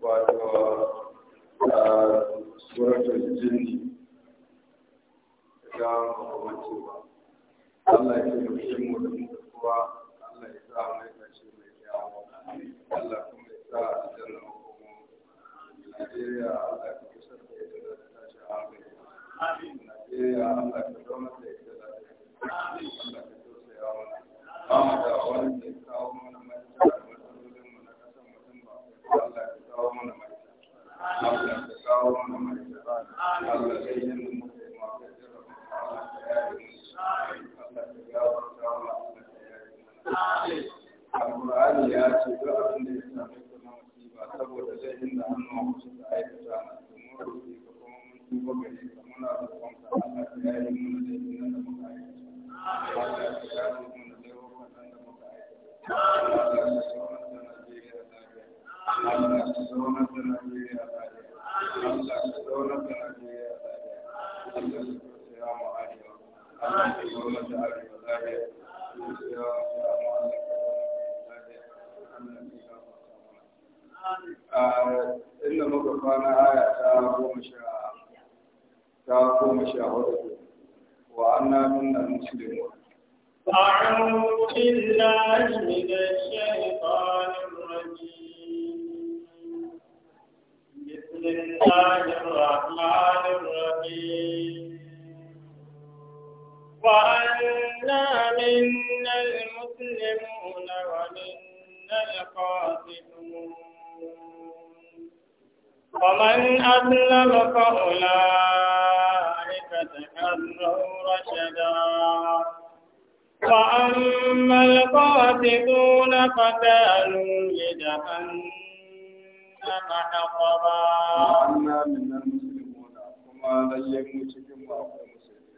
wato a suratul jirgin. kuma lalle mu cikin mu akwai musulmi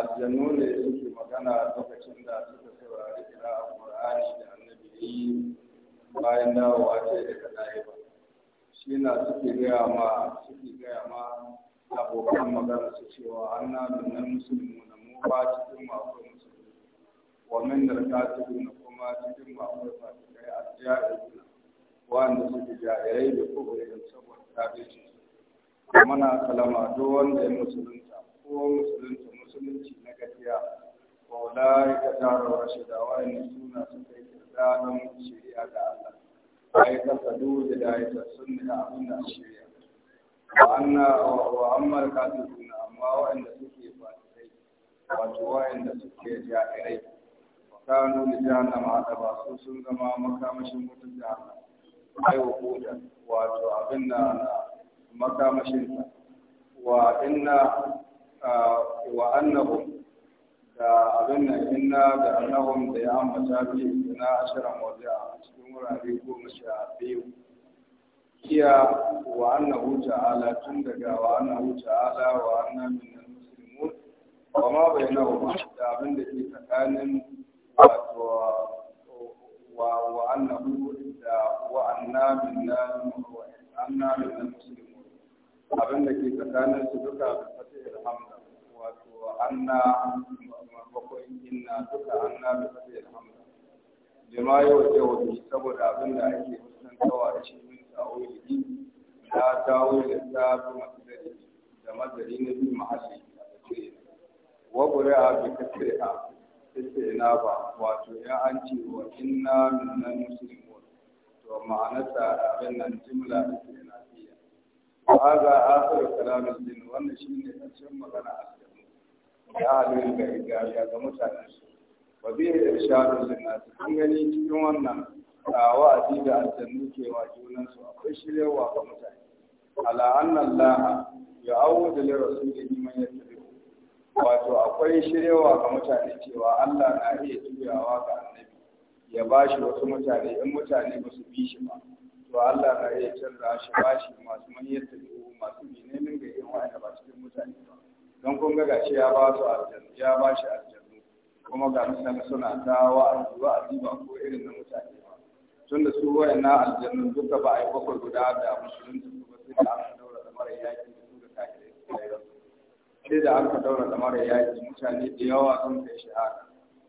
aljanu ne suke magana lokacin da suka saurari kira a qur'ani da annabi yi bayan dawowa ce daga ɗaya shi na suke gaya ma suke gaya ma abokan magana su cewa an na nunan musulmi na mu ba cikin mu akwai musulmi wa min da na kuma cikin mu akwai fasikai a jahiluna wanda suke jahilai da kuma irin saboda kafin muna salama duk wanda ya musulunta ko musulunta musulunci na gaskiya ko la ya shi da wa'annan suna suka kai kirda don shari'a ga Allah ai ka sadu da dai sunna abin da shari'a wa anna wa amma kafiruna amma wa'anda suke fasikai wato wa'anda suke jahirai wa jana ma da ba su sun zama makamashin mutunta ai wa wato abin da makamashinsa wa inna wa annahum da abin nan inna da annahum da ya ambata biyu na ashirin wajen a cikin wurare goma sha biyu iya wa annahu ta'ala tun daga wa annahu ta'ala wa anna minal muslimun wa ma wa da abin da ke tsakanin wato wa wa annahu da wa anna minal anna muslimun abin da ke tsakanin su duka da fata ilhamda wato anna bakwai inna duka anna da fata ilhamda bima yau da wani saboda abin da ake fuskantawa da shi min ne, na ta'awili ta masu masdari da masdari na bi mahalli da ce wa qura'a bi kasriha sai ina ba wato ya an ce wa inna minna muslimun to ma'anarsa abin nan jimla ina وهذا آخر كلام الدين وأن شيء أشم مغنى أسلم يا أهل الإجابة يا كمتان وبه إرشاد للناس كم غني تكون وأن وأتي بأسلم كي واجونا سوى فشل على أن الله يعود لرسوله من يتبعه wato akwai shirewa ga mutane cewa Allah na iya juyawa ga annabi ya bashi wasu mutane in mutane ba su bi shi ba to Allah na iya canza shi bashi masu manyan tabi'u masu menene ga irin wa'anda ba cikin mutane ba don kun ga gashi ya ba su aljanna ya ba shi aljannu kuma ga mutane suna ta wa'azi wa'azi ba ko irin na mutane ba tun da su wa'annan aljannu duka ba a yi bakwai guda da musulunci su ba sai da aka daura da mara yaki da su da kakirai su da sai da aka daura da mara yaki mutane da yawa sun kai shahada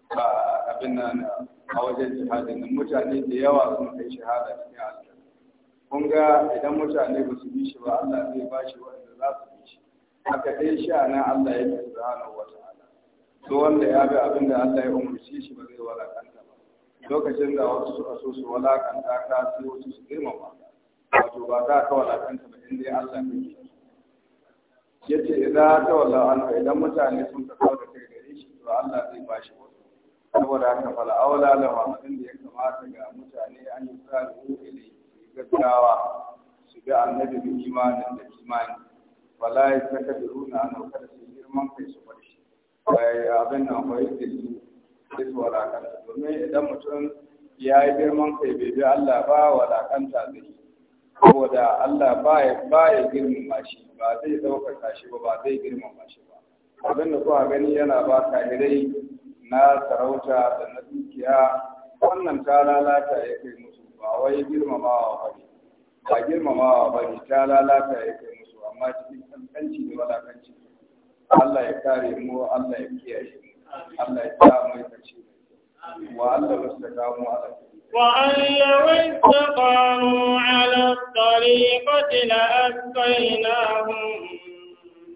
Ba abin nan a wajen jihadin mutane da yawa sun kai shahada cikin aljanna kun ga idan mutane ba su bi shi ba Allah zai ba shi wanda za su bi shi haka dai sha na Allah ya bi subhanahu wataala to wanda ya bi abinda Allah ya umurci shi ba zai walakanta ba lokacin da wasu su aso su walakanta ka sai wasu su girmama wato ba za ka walakanta ba in dai Allah ne ke yace idan ta walla an idan mutane sun ka kawo da kai gare shi to Allah zai ba shi wasu saboda haka fala aula lahu abin da ya kamata ga mutane an yi tsari ilai gaggawa su ga annabi da imanin da imani wala ya saka da runa an kada su girman kai su bar shi bai abin nan bai da su sai su walakanta domin idan mutum ya yi girman kai bai bi Allah ba walakanta zai saboda Allah ba ya ba ya girmama shi ba zai ɗaukaka shi ba ba zai girmama shi ba abin da kuka gani yana ba kahirai na sarauta da na dukiya wannan ta lalata ya kai ba wai girmamawa ba ba girmamawa ba ta lalata ya kai musu amma cikin kankanci da walakanci Allah ya kare mu Allah ya kiyaye mu Allah ya sa mu kace wa Allah mustaqamu ala وأن لو استقاموا على الطريقة لأسقيناهم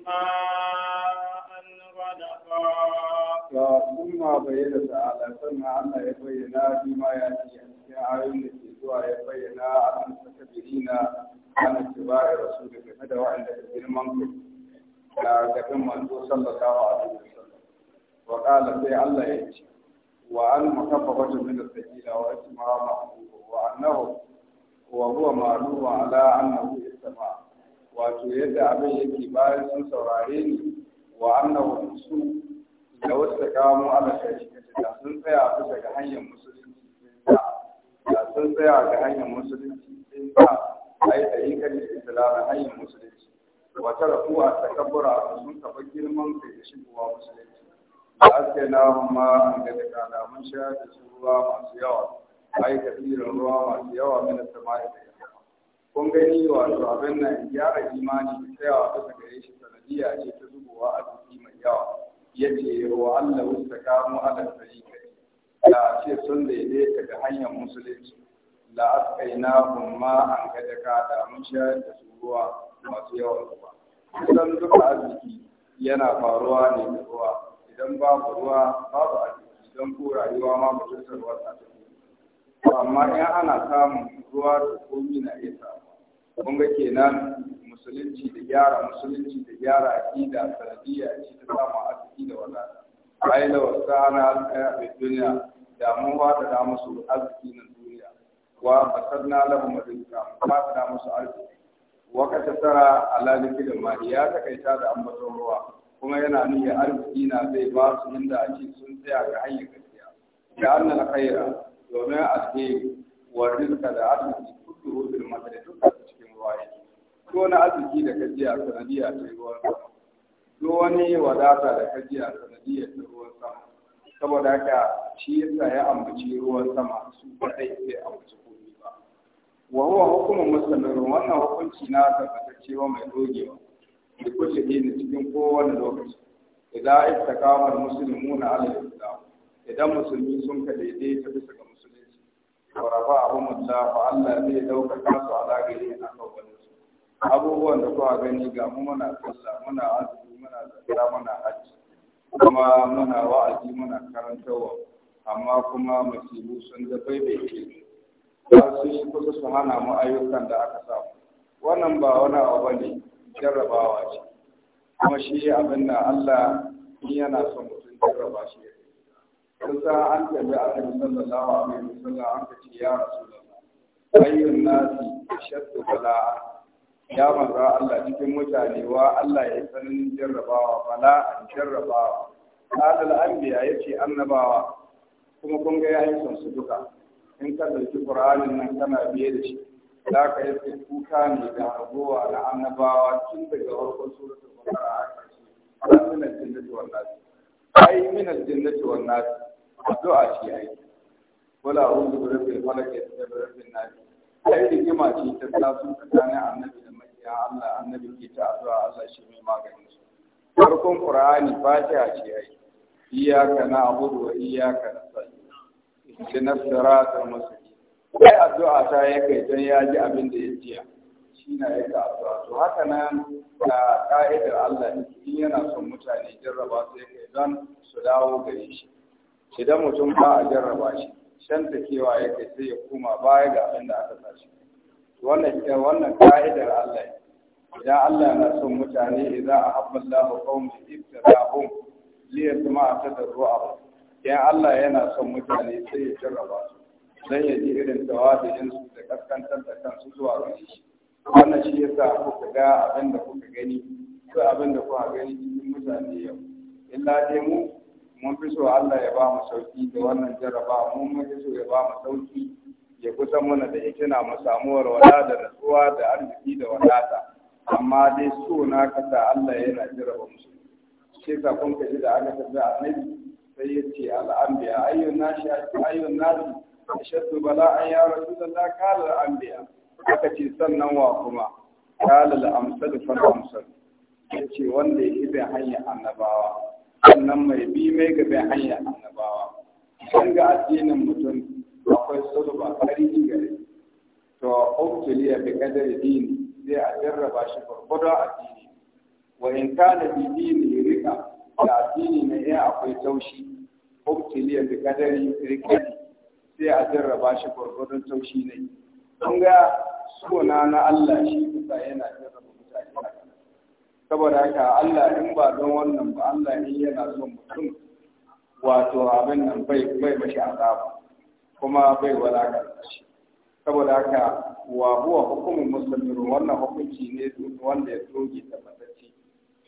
ماء غدقا ثم بين تعالى ثم الله يبين فيما يأتي cikin ayoyin da ke zuwa ya bayyana a kan sakabirina ana tibarar rasu da game da waɗanda da girman kai da gaban manzo sallallahu alaihi wasallam wa qala sai Allah ya ce wa an mutaffafatu min as-sajila wa isma ma'ruf wa annahu wa huwa ma'ruf ala annahu istama wato yadda abin yake bayan sun saurare ni wa annahu su da wasu kamo ala shari'a sun tsaya bisa ga hanyar musulmi da sun tsaya ga hanyar musulunci sun ba a yi ɗariƙar islam hanyar musulunci wata rafuwa ta kabura sun tafi girman kai da shigowa musulunci da aske na ma an gada kana mun sha da su masu yawa ai kafirin ruwa masu yawa mina sama'i da yawa kun gani wato abin nan gyara imani da tsayawa bisa gare shi sanadiyya ce ta zubowa a jiki mai yawa yace wa Allah wasta kamo ala tsarika da a ce sun daidaita daga hanyar musulunci la askaina ma an gada ka da mun shayar da su ruwa masu yawan ruwa kusan duka arziki yana faruwa ne da ruwa idan babu ruwa babu arziki don ko rayuwa ma ba ta ruwa ta amma in ana samun ruwa da komi na iya samu kun ga kenan musulunci da gyara musulunci da gyara aƙida sanadiyya ce ta samu arziki da wadata ai wa sana na alƙaya a duniya da mun fadada musu arziki na duniya wa fasadna lahum rizqa mun fadada musu arziki wa kata tara ala da mali ya ta da ambaton ruwa kuma yana nuna arziki na zai ba su inda ake sun tsaya ga hanyar gaskiya da annal khaira domin alheri wa rizqa da arziki kullu bil madadi dukkan cikin ruwa yake ko na arziki da gajiya sanadiya ta ruwan sama duk wani wadata da kaji a sanadiyar ruwan sama saboda haka shi yasa ya ambaci ruwan sama su kadai sai ambaci komai ba wa huwa hukumun wannan hukunci na wa mai dogewa da kulle ne cikin kowane lokaci idan istiqamar muslimuna ala islam idan musulmi sun ka daidai ta bisa ga musulunci wa rafa'ahum ta fa Allah zai ɗaukaka su a zagaye na kawai abubuwan da kuwa gani ga mu muna sallah muna azumi muna zakara muna hajji kuma muna wa'azi muna karantarwa amma kuma masibu sun da ke ba su yi kusa su hana mu ayyukan da aka samu wannan ba wani abu ne jarrabawa ce kuma shi abin da Allah in yana son mutum jarraba shi ya kun san an tabi annabi sallallahu alaihi wasallam an ce ya rasulullah ayyun nasi ashaddu bala'a ya manza Allah cikin mutane wa Allah ya sanin jarrabawa bala an jarrabawa kalal anbiya yace annabawa kuma kun ga yayin son su duka in ka dauki qur'anin nan kana biye da shi za ka yi kuka ne da harbowa na annabawa tun daga farkon suratul baqara a ƙarshe an min al-jannati wan nas ai min al-jannati wan nas addu'a ce ai wala a'udhu bi rabbil falaq wa bi rabbin nas ai rigima ce ta tasu tsakanin annabi da roƙa Allah annabi ke ta addu'a Allah shi mai maganin su farkon qur'ani fatiha ce ai iyyaka na'budu wa iyyaka nasta'in ihdinas siratal mustaqim sai addu'a ta yake dan ya ji abin da ya jiya shi na yake addu'a to haka nan da ka'idar Allah in yana son mutane jarraba su yake don su dawo gare shi idan mutum ba a jarraba shi shan takewa yake sai ya koma baya ga abin da aka tashi wannan wannan ka'idar Allah idan Allah na son mutane idan a haɓar lahu da ibtirahum li yasma a ba. idan Allah yana son mutane sai ya jarraba su zai ya ji irin tawadin su da kaskantar da kansu zuwa gare shi wannan shi ya sa kuka ga abin da kuka gani ko abin da kuka gani cikin mutane yau illa dai mu mun fi so Allah ya ba mu sauki da wannan jarraba mun mun fi so ya ba mu sauki ya kusa mana da ikina mu samuwar walwala da natsuwa da arziki da wadata amma dai so na kasa Allah yana jiraba musu sai ka kun kaji da aka tafi annabi sai ya ce al'ambiya ayyun nashi ayyun nashi ashaddu bala'an ya rasulullah kala al'ambiya aka ce sannan wa kuma kala al'amsal fa amsal ya ce wanda ya bin hanyar annabawa sannan mai bi mai ga bin hanyar annabawa Sun ga addinin mutum akwai sulba kari gare to ubtuliya bi qadari dini zai a jarraba shi gwargwadon addini wa in kana bi dini rika da addini na iya akwai taushi ubtiliya bi kadari rikati sai a jarraba shi gwargwadon taushi ne kun ga suna na Allah shi kusa yana jarraba mutane saboda haka Allah in ba don wannan ba Allah ne yana son mutum wato abin nan bai bai mashi azaba kuma bai ga shi saboda haka wa huwa hukumin mustamir wannan hukunci ne wanda ya tsoge da tabbatacce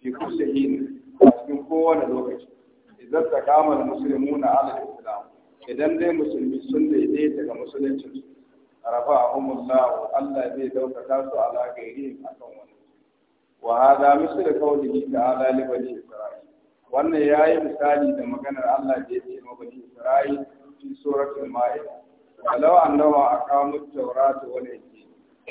fi kulli hin a cikin kowane lokaci idan ta kama muslimuna ala islam idan dai musulmi sun daidaita daga musuluncin su rafa humullahu Allah zai daukaka su ala gairi kan wani wa hada misal qawlihi ta li bani isra'il wannan ya yi misali da maganar Allah da yake ma bani isra'il fi suratul ma'ida walau annahu aqamut tawrata wal injil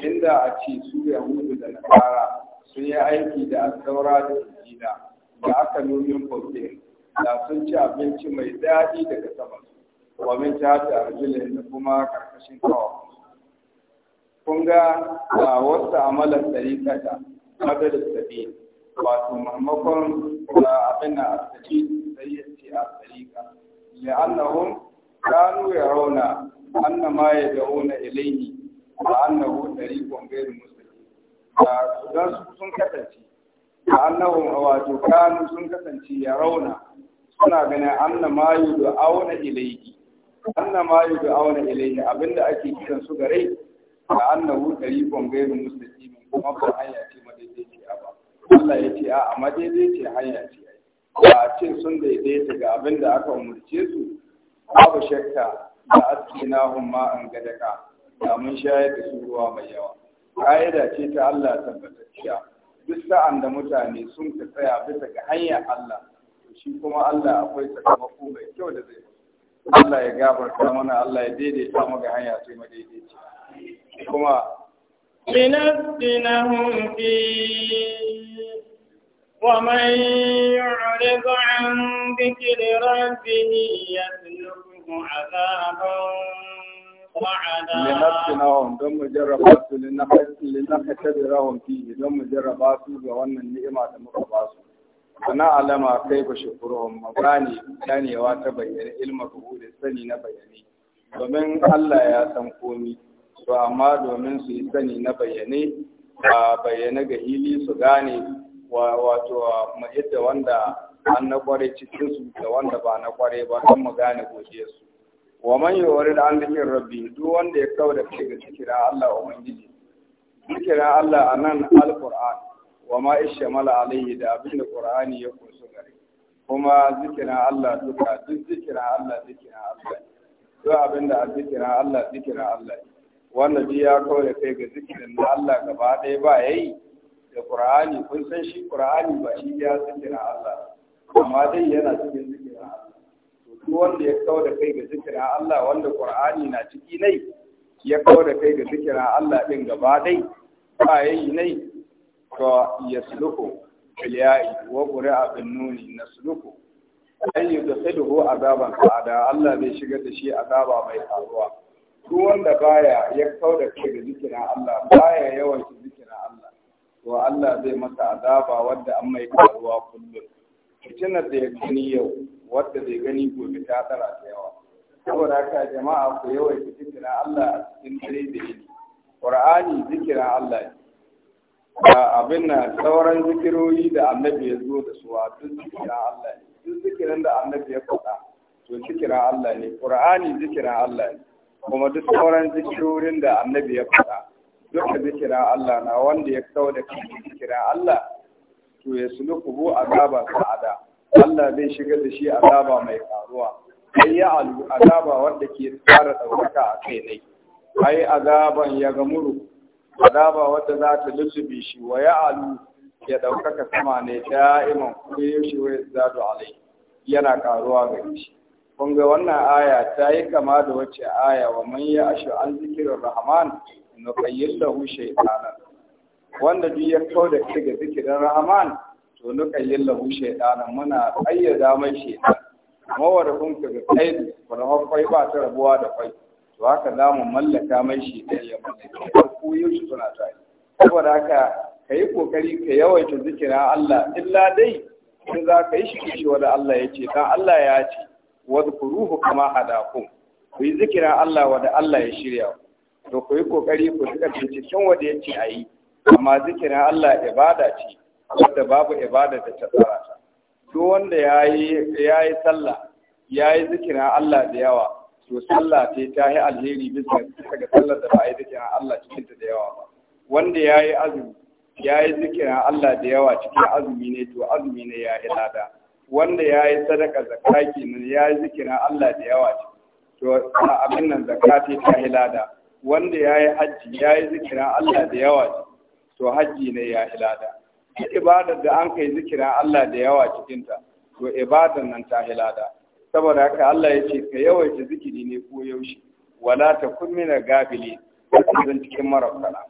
inda a ce su yahudu da nasara sun yi aiki da Saura da injila da aka nomin bautin da sun ci abinci mai daɗi daga sama wa min ta ta arjila da kuma karkashin kawo kun ga a wasu amalar tsarikata madar sabi wato maimakon abin na asali sai ya ce a tsarika li'annahum kanu yarawna annama dauna ilayhi ba annahu tariqun da mustaqim dan su sun kasance ba annahu wato kanu sun kasance ya rauna suna ganin anna ma auna ilayhi anna ma auna ilayhi abinda ake kiran su gare ba annahu tariqun ghairu mustaqim kuma ba hanya ce madaidaiciya ba Allah ya ce a madaidaiciya hanya ce ba a ce sun daidaita ga abinda aka umurce su babu shakka da askina hum ma an gadaka da mun shayar da su ruwa mai yawa ƙa'ida ce ta Allah tabbatacciya duk sa'an da mutane sun ka tsaya bisa ga hanyar Allah shi kuma Allah akwai sakamako mai kyau da zai Allah ya gafarta mana Allah ya daidaita mu ga hanya sai mu daidaita kuma لنفتنهم فيه ومن يعرض عن ذكر ربه يسلكه عذابا linafsinahum don mu jarraba su linaftabirahum fihi don mu jarraba su ga wannan ni'ima da muka ba su ana alama kai ba shukuruhum magani ganewa ta bayyana ilma da sani na bayyane domin Allah ya san komi to amma domin su yi sani na bayyane a bayyane ga hili su gane wato mu yadda wanda an na kware cikinsu, da wanda ba na kware ba don mu gane goje su wa man yurid an zikir rabbi duk wanda ya kawo da kai ga zikira Allah ubangiji zikira Allah a nan Alƙur'an, wa ma ishmala alayhi da abin da ƙur'ani ya kunsu gare kuma zikira Allah duka duk zikira Allah zikira Allah duk abin da zikira Allah zikira Allah wanda ji ya kawo da kai ga zikirin na Allah gaba ɗaya ba yi, da ƙur'ani, kun san shi ƙur'ani ba shi ya zikira Allah amma dai yana cikin wanda ya kawo da kai ga zikirin Allah wanda Qur'ani na ciki nai ya kawo da kai ga zikirin Allah din gaba dai ba yayi nai to ya bil ya'i wa qura'a bin nuni nasluku ay yudkhiluhu azaban tsada, Allah zai shigar da shi azaba mai faruwa duk wanda baya ya kawo da kai ga zikirin Allah baya yawan zikirin Allah to Allah zai masa azaba wanda an mai faruwa kullum fitinar da ya gani yau wadda bai gani gobe ta tsara ta yawa saboda haka jama'a ku yawan zikirin Allah a cikin dare da yini Qur'ani zikira Allah ne abin na sauran zikirori da annabi ya zo da su a duk zikirin Allah ne duk zikiran da annabi ya faɗa to zikira Allah ne Qur'ani zikira Allah ne kuma duk sauran zikirorin da annabi ya faɗa duka zikira Allah na wanda ya kawo da kan Allah to ya suluku bu azaba sa'ada Allah zai shiga da shi azaba mai karuwa Kai ya azaba wanda ke tsara ɗaukaka a kai ne ai azaban ya gamuru azaba wanda za ta lullube shi wa ya alu ya ɗaukaka sama ne da'iman kuma ya shi wai zadu alai yana karuwa ga shi kun ga wannan aya ta yi kama da wacce aya wa man ya ashu an zikirin rahman nuqayyil lahu shaytanan wanda duk ya kauda kai ga zikirin rahman to nuqayyil lahu shaytanan muna ayyada mai shaytan mawara kun ka kai farhon kwai ba ta rabuwa da kwai to haka za mu mallaka mai shaytan ya mallaka ku yushi suna tare saboda haka kai kokari ka yawaita zikira Allah illa dai in za ka yi shi da Allah ya ce dan Allah ya ce wadkuruhu kama hadakum ku yi zikira Allah wanda Allah ya shirya to ku yi kokari ku tuka cikin wanda ya ce ayi amma zikirin Allah ibada ce wadda babu ibada da ta tsara ta duk wanda ya yi sallah ya yi zikirin Allah da yawa to sallah ce ta yi alheri bisa ga sallar da ba a yi zikirin Allah cikin ta da yawa ba wanda ya yi azumi ya yi zikirin Allah da yawa cikin azumi ne to azumi ne ya yi lada wanda ya yi sadaka zakka kenan ya yi zikirin Allah da yawa to abin nan zakka ta yi lada wanda ya yi hajji ya yi zikirin Allah da yawa to hajji ne ya yi lada duk ibadar da an kai zikirin Allah da yawa cikinta to ibadar nan ta hilada saboda haka Allah ya ce ka yawaita zikiri ne ko yaushe wala ta kunni na gafili ka zan cikin marafsana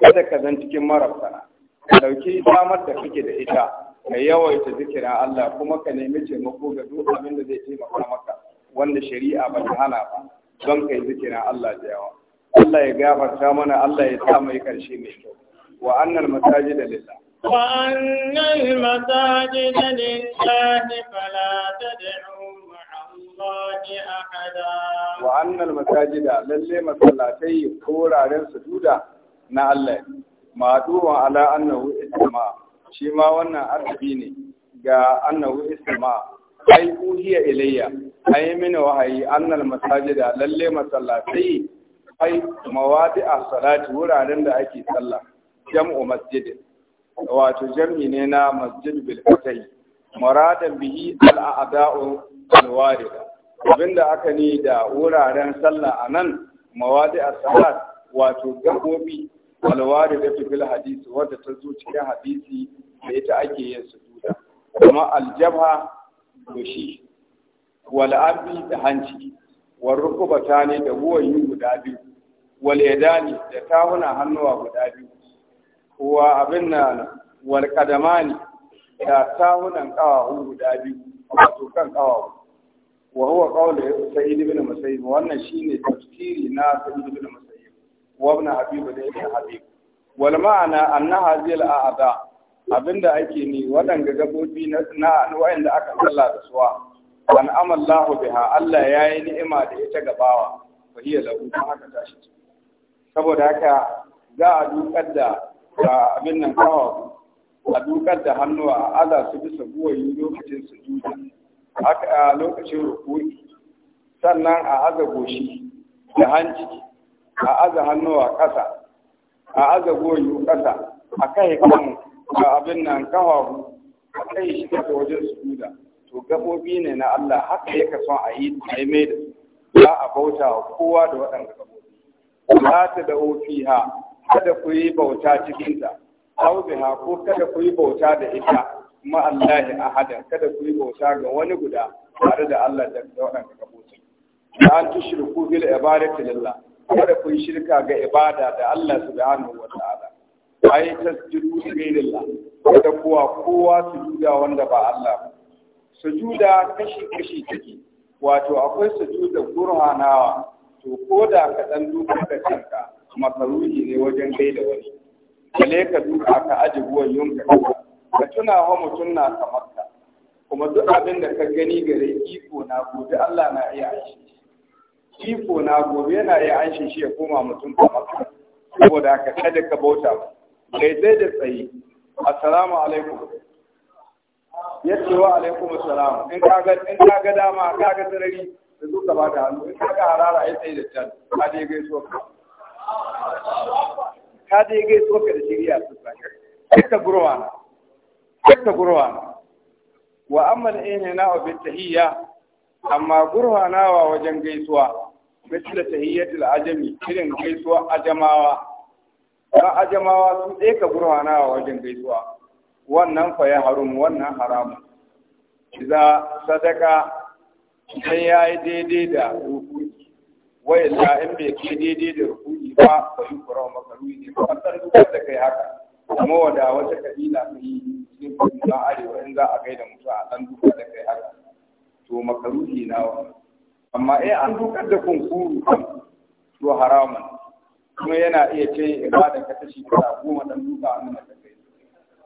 kada ka zan cikin ka dauki damar da kake da ita ka yawaita zikirin Allah kuma ka nemi taimako ga duk abin da zai taimaka maka wanda shari'a ba ta hana ba don kai zikirin Allah da yawa Allah ya gafarta mana Allah ya sa mai karshe mai kyau wa annal masajida lillah وأن المساجد لله فلا تدعوا مع الله أحدا وأن المساجد للي مسلاتي كورا سجودا نعلي maduwa ala annahu isma shi ma wannan arfi ne ga annahu isma ai uhiya ilayya ai mini wahayi annal masajida lalle masallatai ai mawadi a salati wuraren da ake sallah jam'u masjidin wato jami ne na masjid bil fatai muradan bihi al a'da'u al abinda aka ni da wuraren sallah anan mawadi a salat wato gabobi al warida fil hadisi wanda ta zo cikin hadisi da ita ake yin sujuda kuma al jabha goshi wal da hanci wal rukubata ne da huwayi guda biyu wal yadani da tawuna hannuwa guda biyu wa abin na walƙadamani da sahunan ƙawahu guda biyu wato kan ƙawahu wa huwa qawlu sa'id ibn masayi wannan shine tafsiri na sa'id ibn masayi wa abin habib da ibn habib wal ma'ana anna hadhihi al-a'da abinda ake ni waɗanda gabobi na wa'in da aka salla da suwa Wani amal lahu biha Allah ya yi ni'ima da ita gabawa fa da haka tashi saboda haka za a dukar da da abin nan kawo a dukar da hannuwa a aza su bisa buwayi lokacin sujuda haka a lokacin rukuri sannan a aza goshi da hanci a aza hannuwa ƙasa a aza goyo ƙasa a kai kan abin nan kawo a kai shi daga wajen sujuda to gabobi ne na Allah haka yake son a yi a mai da za a bauta kowa da waɗanda gabobi za ta da ha kada ku yi bauta cikinta aw biha ko kada ku yi bauta da ita ma Allah ahadan kada ku yi bauta ga wani guda tare da Allah da wannan ka bauta da an tushriku bil ibadati lillah kada ku yi shirka ga ibada da Allah subhanahu wa ta'ala ai tasjudu lillah kada kuwa kowa su juda wanda ba Allah ba sujuda kashi kashi take wato akwai sujuda burhanawa to ko da ka dan duka da kanka masaruki ne wajen kai da wani Kale ka duka ka aji buwan yunka ka tuna wa mutum na kamar ka kuma duk abin da ka gani gare iko na gobe Allah na iya aishi iko na gobe yana iya aishi shi ya koma mutum kamar ka saboda ka kada ka bauta ba kai zai da tsaye assalamu alaikum ya ce wa alaikum assalamu in ka ga in ka ga dama ka ga sarari da zuka ba da hannu in ka ga harara ya tsaye da can ka je gaisuwa ka dai gai tsoka da shirya su ta gurwa na ta gurwa na wa amma da ina na wa bin tahiyya amma gurwa na wa wajen gaisuwa misali tahiyyatul ajami irin gaisuwa ajamawa ba ajamawa su ɗaya ka gurwa na wa wajen gaisuwa wannan fa ya harum wannan haramun idan sadaka sai ya yi daidai da rukuki wai in bai ke daidai da rukuki ba ba yi kura wa makaruhi ne ba kasar dukkan da kai haka kuma wada wata kabila ka yi cikin a arewa in za a gaida mutu a ɗan duka da kai haka to makaruhi na wa amma in eh, an dukar da kunkuru kan to haramun kuma yana iya ce ba ka ta shekara goma ɗan duka a nuna kai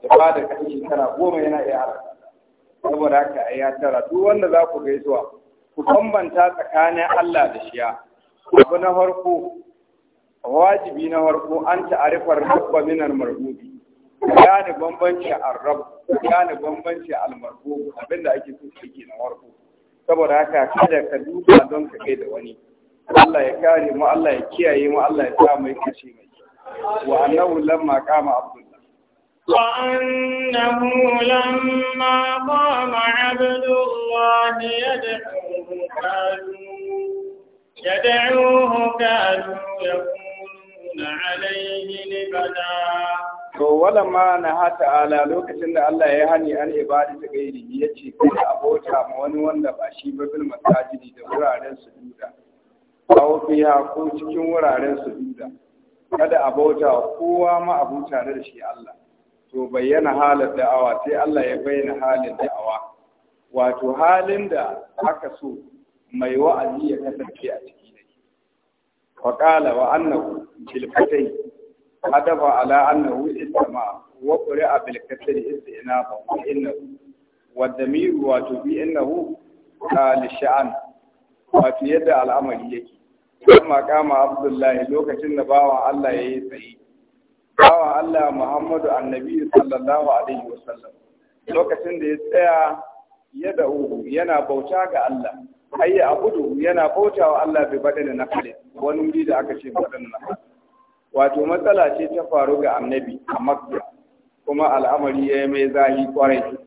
ba ka ta shekara goma yana iya halaka saboda haka a ya tara duk wanda za ku gaisuwa ku bambanta tsakanin Allah da shiya abu na farko wajibi na farko an ta'arifar rabba min al-marbubi gane bambanci al-rabb gane bambanci al-marbub abinda ake tuka ke na farko saboda haka kada ka duba don ka kai da wani Allah ya kare mu Allah ya kiyaye mu Allah ya sa mai kashi mai wa annahu lamma qama abdullah wa annahu lamma qama abdullah yad'uhu kanu yad'uhu kanu yakun To wala to na hata ala lokacin da Allah ya hani an ibada ta gairi ya ce kai abota ma wani wanda ba shi ba bil masajidi da wuraren duda. aw biya ko cikin wuraren sujuda kada abota kowa ma tare da shi Allah to bayyana halin da'awa sai Allah ya bayyana halin da'awa wato halin da aka so mai wa'azi ya kasance a ciki faƙala wa annahu bilkatai hadafa ala annahu istama wa quri'a bilkatai istinaba wa innahu wa damiru wa to bi innahu qal sha'an wato yadda al'amari yake kuma kama abdullahi lokacin da bawan Allah yayi tsayi bawan Allah Muhammadu annabi sallallahu alaihi wasallam lokacin da ya tsaya ya yana bauta ga Allah hayya a gudu yana bautawa Allah bai baɗi da nakali wani wuri da aka ce baɗi da nakali wato matsala ce ta faru ga annabi a makka kuma al'amari ya yi mai zahi kwarai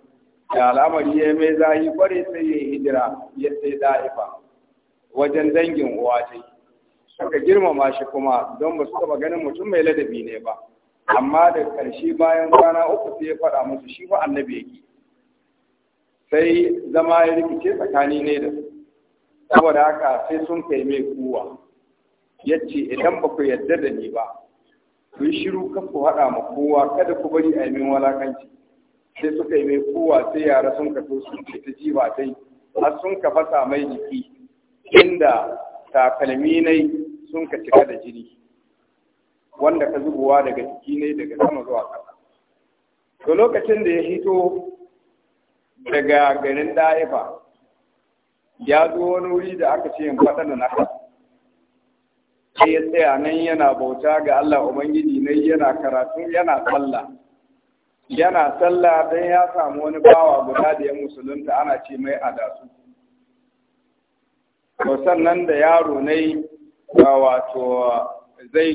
da al'amari ya yi mai zahi kwarai sai ya hijira ya sai da'ifa wajen dangin uwa ce suka girmama shi kuma don ba su taɓa ganin mutum mai ladabi ne ba amma da ƙarshe bayan kwana uku sai ya faɗa musu shi ba annabi yake sai zama ya rikice tsakani ne da su saboda haka sai sun kai mai kuwa ya ce idan ba ku yarda da ni ba ku yi shiru kan ku haɗa ma kowa kada ku bari a min walakanci sai suka yi mai kuwa sai yara sun ka so sun ce ta jiba dai har sun ka fasa mai jiki inda takalmi nai sun ka cika da jini wanda ka zubowa daga jiki ne daga sama zuwa ƙasa to lokacin da ya hito daga garin da'ifa ya zo wani wuri da aka ce in faɗa da naka sai ya tsaya nan yana bauta ga Allah Ubangiji na? yana karatu yana sallah yana sallah don ya samu wani bawa guda da ya musulunta ana ce mai adasu to sannan da yaro ne wato zai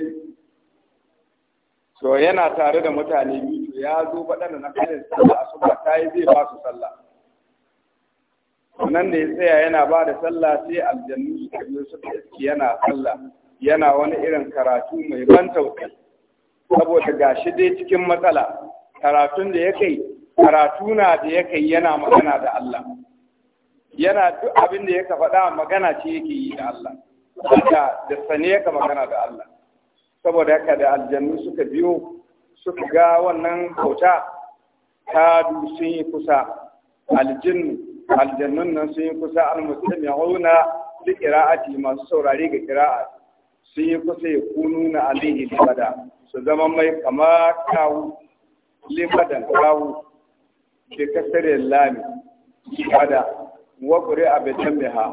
to yana tare da mutane biyu ya zo faɗa da naka sallah asuba ta yi zai ba su sallah nan da ya tsaya yana ba da sallah sai aljannu suka biyo suka iske yana sallah yana wani irin karatu mai ban tausayi saboda gashi dai cikin matsala karatun da ya kai karatu na da ya kai yana magana da Allah yana duk abin da ya faɗa magana ce yake yi da Allah haka da sane ya ka magana da Allah saboda haka da aljannu suka biyo suka ga wannan kauta ta sun yi kusa aljinnu aljannun nan sun yi kusa almustami'una li qira'ati masu saurare ga qira'a sun yi kusa ya kunu na alihi libada su zama mai kama kawu libadan kawu ke kasare lami libada wa qira'a bi jami'a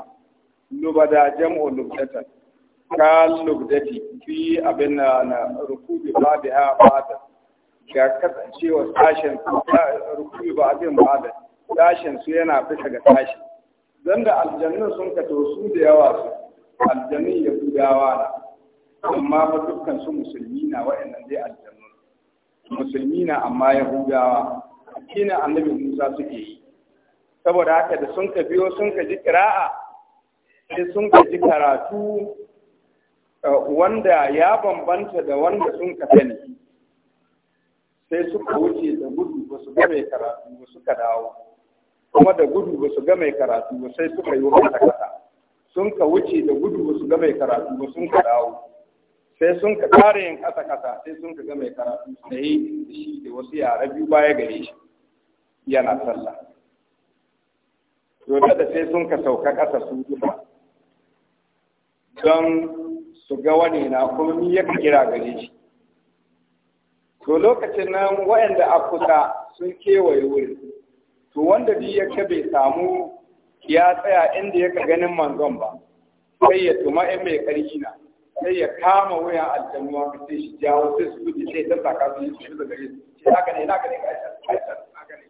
lubada jam'u lubdatan kal lubdati fi abin na rukubi ba'daha ba'da ga kasancewa sashen rukubi ba ba'da tashin su yana fita ga tashi don da aljannun sun kato su da yawa su aljannun yahudawa na amma ba dukkan su musulmi na waɗannan dai aljannun musulmi na amma ya shi ne annabi musa suke yi saboda haka da sun ka biyo sun ka ji kira'a da sun ka ji karatu eh, wanda ya bambanta da wanda sun ka sani sai suka wuce da gudu ba su ga karatu ba suka dawo kuma da gudu ba su ga mai karatu ba sai suka yi wata kasa sun ka wuce da gudu ba su ga mai karatu ba sun ka dawo sai sun ka ƙara yin kasa kasa sai sun ka ga mai karatu yi da shi da wasu yara biyu baya gare shi yana sallah yau da sai sun ka sauka kasa sun duka don su ga wani na kuma ni ya kira gare shi to lokacin nan waɗanda a kusa sun kewaye wurin to wanda bi ya ka bai samu ya tsaya inda yake ganin manzon ba sai ya tuma in mai ƙarfi na sai ya kama waya aljannuwa ka sai shi jawo sai su gudu sai ta saka su shi da gare su haka ne haka ne haka ne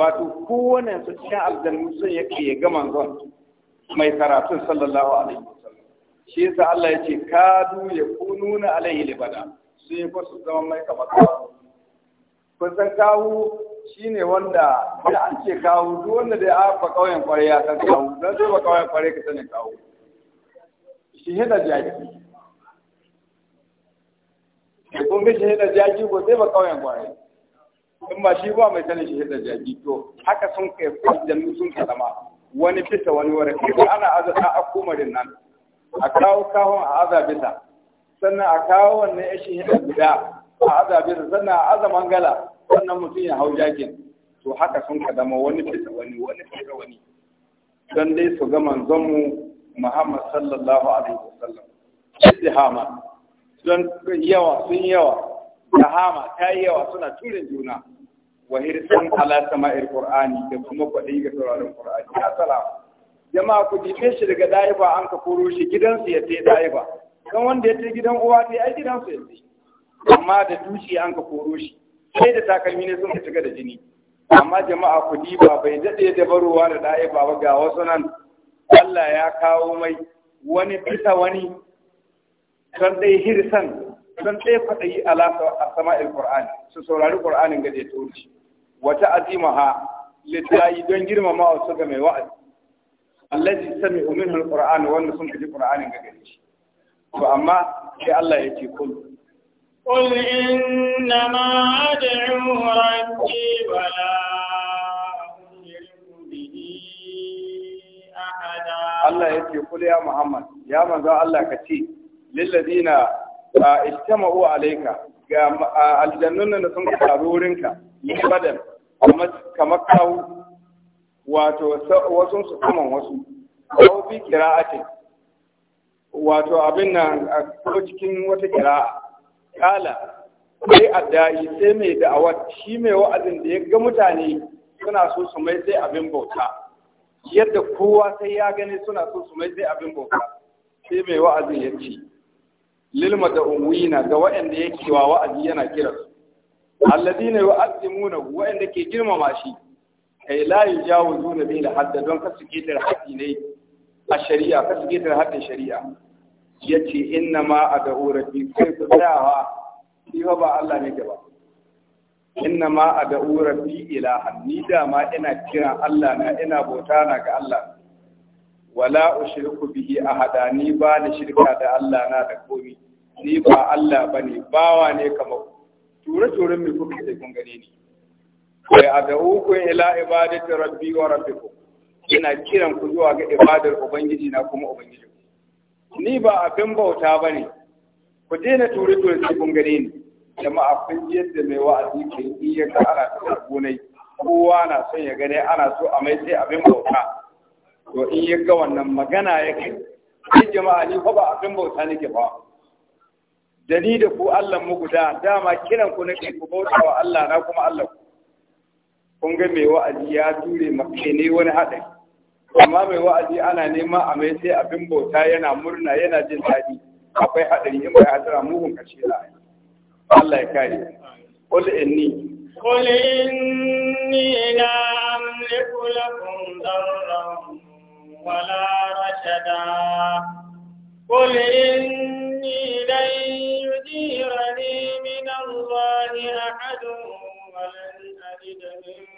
wato kowane su cikin aljannu sun yake ya ga manzon mai karatun sallallahu alaihi wasallam shi yasa Allah ya ce kadu ya kununa alaihi libada sai ko su zama mai kamar kawo kun san kawo Shi ne wanda da an ce kawo duk wanda da ya fa kauyen kware ya san kawo don sai ba kauyen kware ka sani kawo shi hida jaki da kun ga shi hida jaki ko sai ba kauyen kware in ba shi ba mai sani shi hida jaki to haka sun kai kwajannu sun kalama wani fita wani wara ko ana azata a kumarin nan a kawo kawo a azabita sannan a kawo wannan ya shi hida guda a azabita sannan a azaman gala wannan mutum ya hau jakin to haka sun ka dama wani fita wani wani fita wani don dai su ga manzonmu Muhammad sallallahu alaihi wasallam hama don yawa sun yawa hama ta yi yawa suna turin juna wa hirsan ala sama'ir qur'ani da kuma kwadi ga sauraron qur'ani assalam jama'a ku ji shi daga daiba an ka koro shi gidansu ya tai daiba Kan wanda ya tai gidan uwa tai ai gidansu ya tai amma da dushi an ka koro shi sai da takalmi ne sun shiga da jini amma jama'a kudi ba bai daɗe da barowa da da'i ba ba. ga wasu nan Allah ya kawo mai wani bisa wani don ɗaya hirsan don ɗaya faɗayi alasa a sama'il Qur'ani su saurari Qur'anin gaje ta wuce wata azima ha littayi don girmama wasu ga mai wa'azi allazi sami umin al wanda sun kaji Qur'anin gaje shi to amma sai Allah ya ce kullu قل إنما أدعو ربي ولا Allah ya ce kul ya Muhammad ya manzo Allah ka ce lillazina istama'u alayka ga aljannun da sun taru wurinka ni badal kamar kawo wato wasu su kuma wasu kawo bi kira'atin wato abin nan a cikin wata kira'a kala sai a addai sai mai da'awar shi mai wa'azin da ya ga mutane suna so su mai sai abin bauta yadda kowa sai ya gani suna so su mai sai abin bauta sai mai wa'azin ya ce lilma da umwina ga wa'anda ya kewa wa'azi yana kira su alladina yu'azzimuna wa'anda ke girmama shi kai zuwa yujawizuna bil hadda don kasu ketar haddi ne a shari'a kasu ketar haɗin shari'a ya ce inna ma a da urafi sai ku tsayawa shi ba Allah ne ba inna ma a da urafi ilahan ni ma ina kiran Allah na ina bauta na ga Allah wala ushriku bihi ahada ni ba ni shirka da Allah na da komi ni ba Allah bane bawa ne kamar ture-turen mai kuka sai kun gane ni kai a ku ila ibadati rabbi wa rabbikum ina kiran ku zuwa ga ibadar ubangiji na kuma ubangiji ni ba abin bauta ba ne ku daina turi ture sai kun gare ni jama'a kun ji yadda mai wa'azi ke in ya ga ana ta gonai kowa na son ya gane ana so a mai sai abin bauta to in ya ga wannan magana ya kai sai jama'a ni fa ba abin bauta nake ba da ni da ku Allah mu guda dama kiran ku nake ku bauta wa Allah na kuma Allah kun ga mai wa'azi ya ture makai ne wani haɗari amma mai wa'azi ana nema a mai sai abin bauta yana murna yana jin daɗi akwai haɗari in bai hadara mugun kashe la Allah ya kare qul inni qul inni la amliku lakum darran wala rashada قل إني لن يجيرني من الله أحد ولن أجد من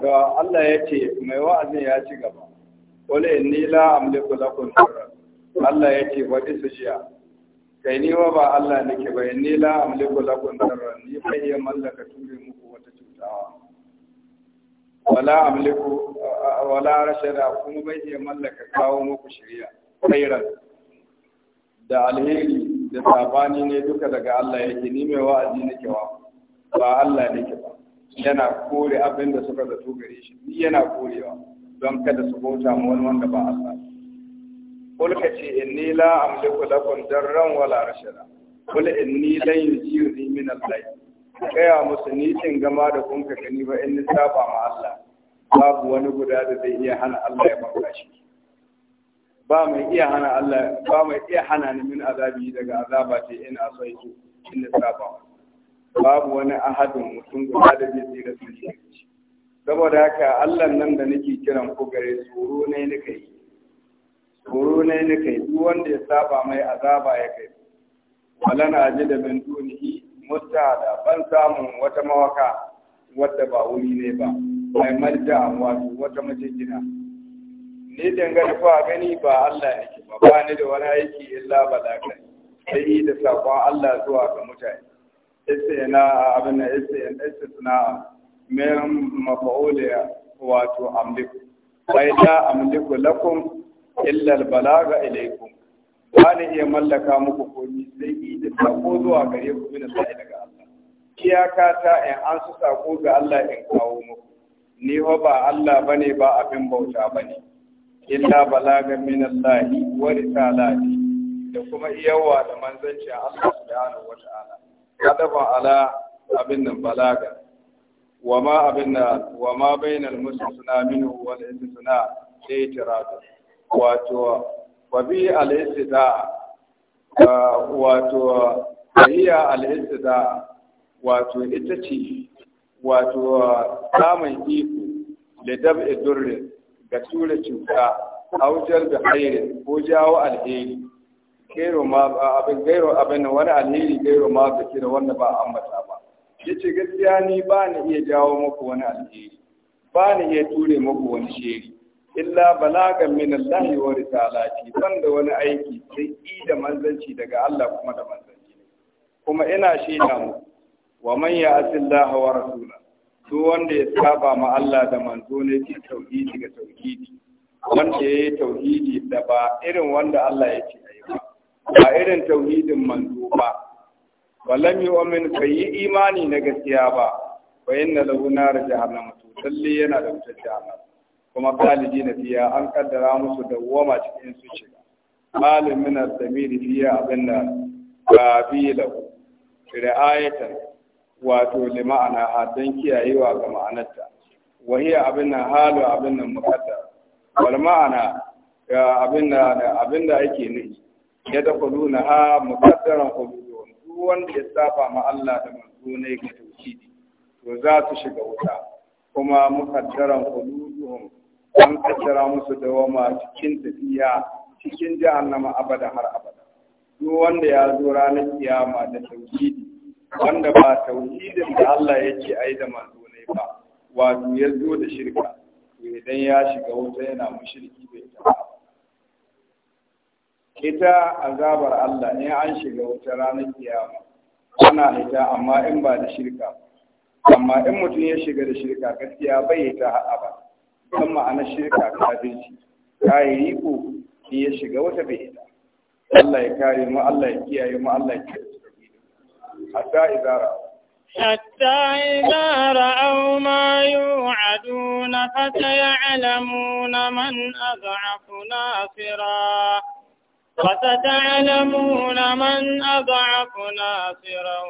To Allah ya ce mai wa'azin ya ci gaba, wale ni la amliku lakum darra. Allah ya ce faɗi su jiya, kai ni wa ba Allah nake ba inni la amliku lakum darra ni bai iya mallaka ture muku wata cutawa. Wala amliku wala rashada kuma bai iya mallaka kawo muku shirya khairan da alheri da sabani ne duka daga Allah yake ni mai wa'azi nake wa. ba Allah ne ke ba yana kore abin da suka zato gare shi yana korewa don kada su bauta ma wani wanda ba Allah kul ka ce inni la amliku lakum darran wala rashada kul inni lan yujirni min al-layl kaya musu ni cin gama da kun ka gani ba in saba ma Allah babu wani guda da zai iya hana Allah ya bauta shi ba mai iya hana Allah ba mai iya hana ni min azabi daga azaba ce in asaitu in saba babu wani ahadin mutum guda da zai tsira su saboda haka Allah nan da nake kiran ku gare tsoro ne na kai. tsoro ne na kai, duk wanda ya saba mai azaba ya kai na ji da min dunihi da ban samun wata mawaka wadda ba wuri ne ba mai malja wato wata majigina ni dangane ko gani ba Allah nake ba ba ni da wani aiki illa kai, sai da sakon Allah zuwa ga mutane istena abin da istisna min mafa'uliya wato amliku bai amliku lakum ba ni iya mallaka muku komi sai yi da sako zuwa gare ku min sai daga Allah iyaka ta in an su sako ga Allah in kawo muku ni ho ba Allah bane ba abin bauta bane illa balaga min Allah wa risalati da kuma iyawa da manzancin Allah subhanahu wa ta'ala kadafa ala abin nan balaga wa ma abin nan wa ma bainal mustasna suna wal istisna tirata wato wa bi al istida wato hiya al istida wato ita ce wato samun iko da dab'i durrin ga tura cuta aujar da hairin ko jawo alheri gairo ma abin gairo abin wani alheri gairo ma zaki da wanda ba mata ba yace gaskiya ni ba ni iya jawo muku wani alheri ba ni iya ture muku wani sheri illa balagan min Allah wa risalati banda wani aiki sai i da manzanci daga Allah kuma da manzanci kuma ina shaida mu wa man ya'ti Allah wa rasula to wanda ya saba ma Allah da manzo ne ki tauhidi ga tauhidi wanda ya yi tauhidi da ba irin wanda Allah ya ce ba irin tauhidin manzo ba walam yu'min kai yi imani na gaskiya ba fa inna lahu nar jahannam to tsalle yana da wutar jahannam kuma khalidina na fiya an kaddara musu da dawwama cikin su ce malum min az-zamiri fiya abinda ba fi lahu ri'ayatan wato ma'ana hadan kiyayewa ga ma'anarta wahiya abin nan halu abin nan muqaddar wal ma'ana abin da abin da ake nufi ya da a ha muqaddaran don wanda ya safa ma Allah da manzo ne ga tauhidi to za su shiga wuta kuma muqaddaran don an kaddara musu wama cikin tafiya cikin jahannama abada har abada duk wanda ya zo ranar kiyama da tauhidi wanda ba tauhidin da Allah yake ai da manzo ne ba wato ya zo da shirka to idan ya shiga wuta yana mushriki bai ta ita azabar Allah in an shiga wata ranar kiyama ana ita amma in ba da shirka amma in mutum ya shiga da shirka gaskiya bai yi ta haɗa ba don ma'ana shirka ta kayi ko in ya shiga wata bai ita Allah ya kare mu Allah ya kiyaye mu Allah ya kiyaye hatta idara حتى إذا رأوا ما يوعدون فسيعلمون من أضعف ناصرا فستعلمون من أضعف ناصرا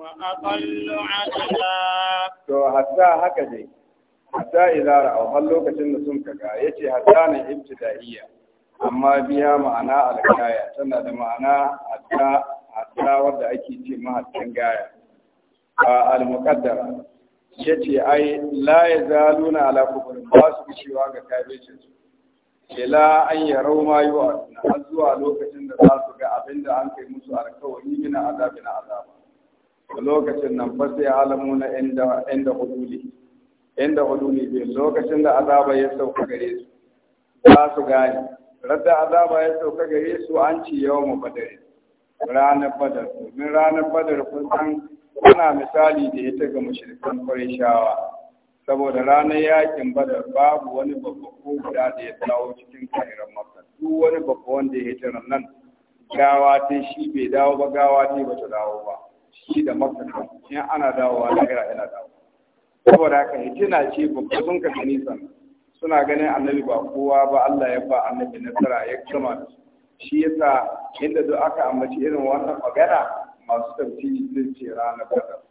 وأقل عددا to hatta haka dai hatta a har lokacin da sun kaga yace hatta na amma biya ma'ana alkaya tana da ma'ana hatta hatta wanda ake ce ma gaya a almuqaddara yace ai la yazaluna ala kufrin ba su cewa ga kabejin su ila an yarau ma yi wa har zuwa lokacin da za su ga abin da an kai musu alkawari mina azabi na azaba lokacin nan fa sai alamu na inda inda huduli inda huduli bai lokacin da azaba ya sauka gare su za su gane radda azaba ya sauka gare su an ci yawan badare ranar badar domin ranar badar kun san kuna misali da ita ga mushrikan shawa. saboda ranar yakin badar babu wani babba ko guda da ya dawo cikin kairan maka duk wani babba wanda ya hijira nan gawa ta shi bai dawo ba gawa ta ba ta dawo ba shi da maka in ana dawowa lahira yana dawo saboda haka hijira ce babba sun ka gani suna ganin annabi ba kowa ba Allah ya ba annabi nasara ya kama da su shi yasa inda duk aka ambaci irin wannan magana masu tafsiri zai ce ranar badar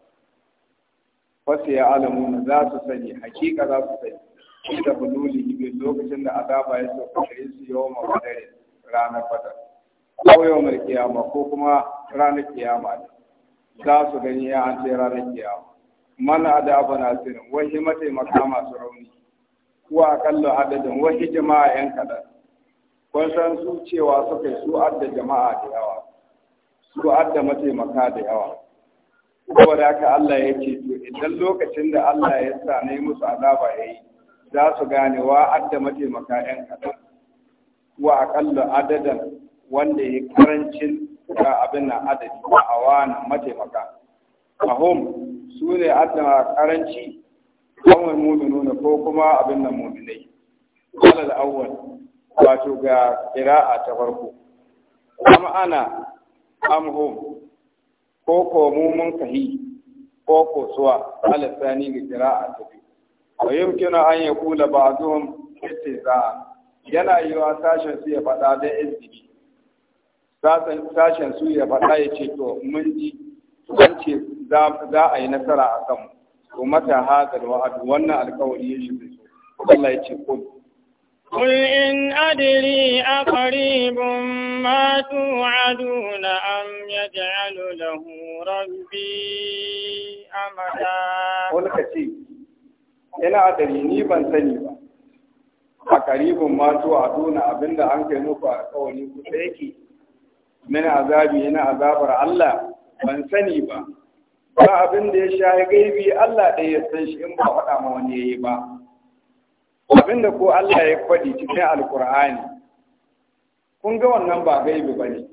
fasa ya alamu za su sani hakika za su sani shi da hululi ibe lokacin da azaba ya so gare su yau ma badare ranar badar ko yau mai kiyama ko kuma ranar kiyama ne za su gani ya an ce ranar kiyama mana da abu na sirin wahi mataimaka masu rauni ko akalla adadin wahi jama'a yan kaɗan kun san su cewa suka yi su adda jama'a da yawa su adda mataimaka da yawa saboda haka Allah ya ce to idan lokacin da Allah ya sa ne musu azaba yayi za su gane wa adda mataimaka yan kaɗan wa aƙalla adadan wanda ya karancin ga abin na adadi ba a awana mataimaka hom. su ne adda karanci kawai nuna ko kuma abin mumi ne Kala da awon wato ga a ta farko kuma ana am home ko ko mu mun kahi ko ko suwa ala sani ga qira'a ta bi wa yumkinu an yaqula kace za yana yiwa sashen su ya faɗa da izini sashen su ya faɗa ya ce to mun ji an ce za a yi nasara a kanmu to mata hazal wa'adu wannan alkawari ya shi Allah ya ce kuma قل إن أدري أقريب ما توعدون أم يجعل له ربي أمدا قل كتي إن أدري ني تنيبا أقريب ما توعدون أبن أنك نفع قولي كتيكي من عذابي إن عذاب الله ban sani ba ba abin da ya sha gaibi Allah ɗaya san shi in ba faɗa ma wani ya yi ba Abin da ko Allah ya faɗi cikin Alƙur'ani. kun ga wannan ba gaibi ba ne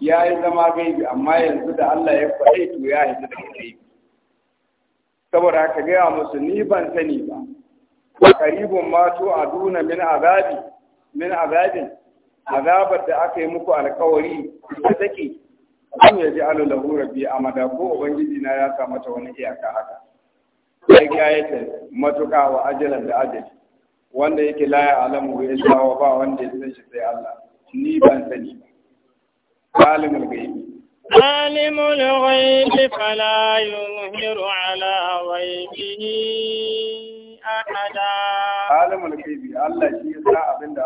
ya yi zama gaibi amma yanzu da Allah ya faɗi to ya yi da gaibi saboda haka gaya musu ni ban sani ba wa qaribun ma a min azabi min azabin azabar da aka yi muku alkawari da take an yaji alu lahu rabbi amada ko ubangiji na ya sa mata wani iyaka haka sai ga matuƙa wa ajalan da ajali wanda yake la ya alamu illa wa ba wanda ya san shi sai Allah ni ban sani ba alimul ghaibi yuhiru ala فلا ahada alimul ghaibi Allah shi ya الله شيء لا أبن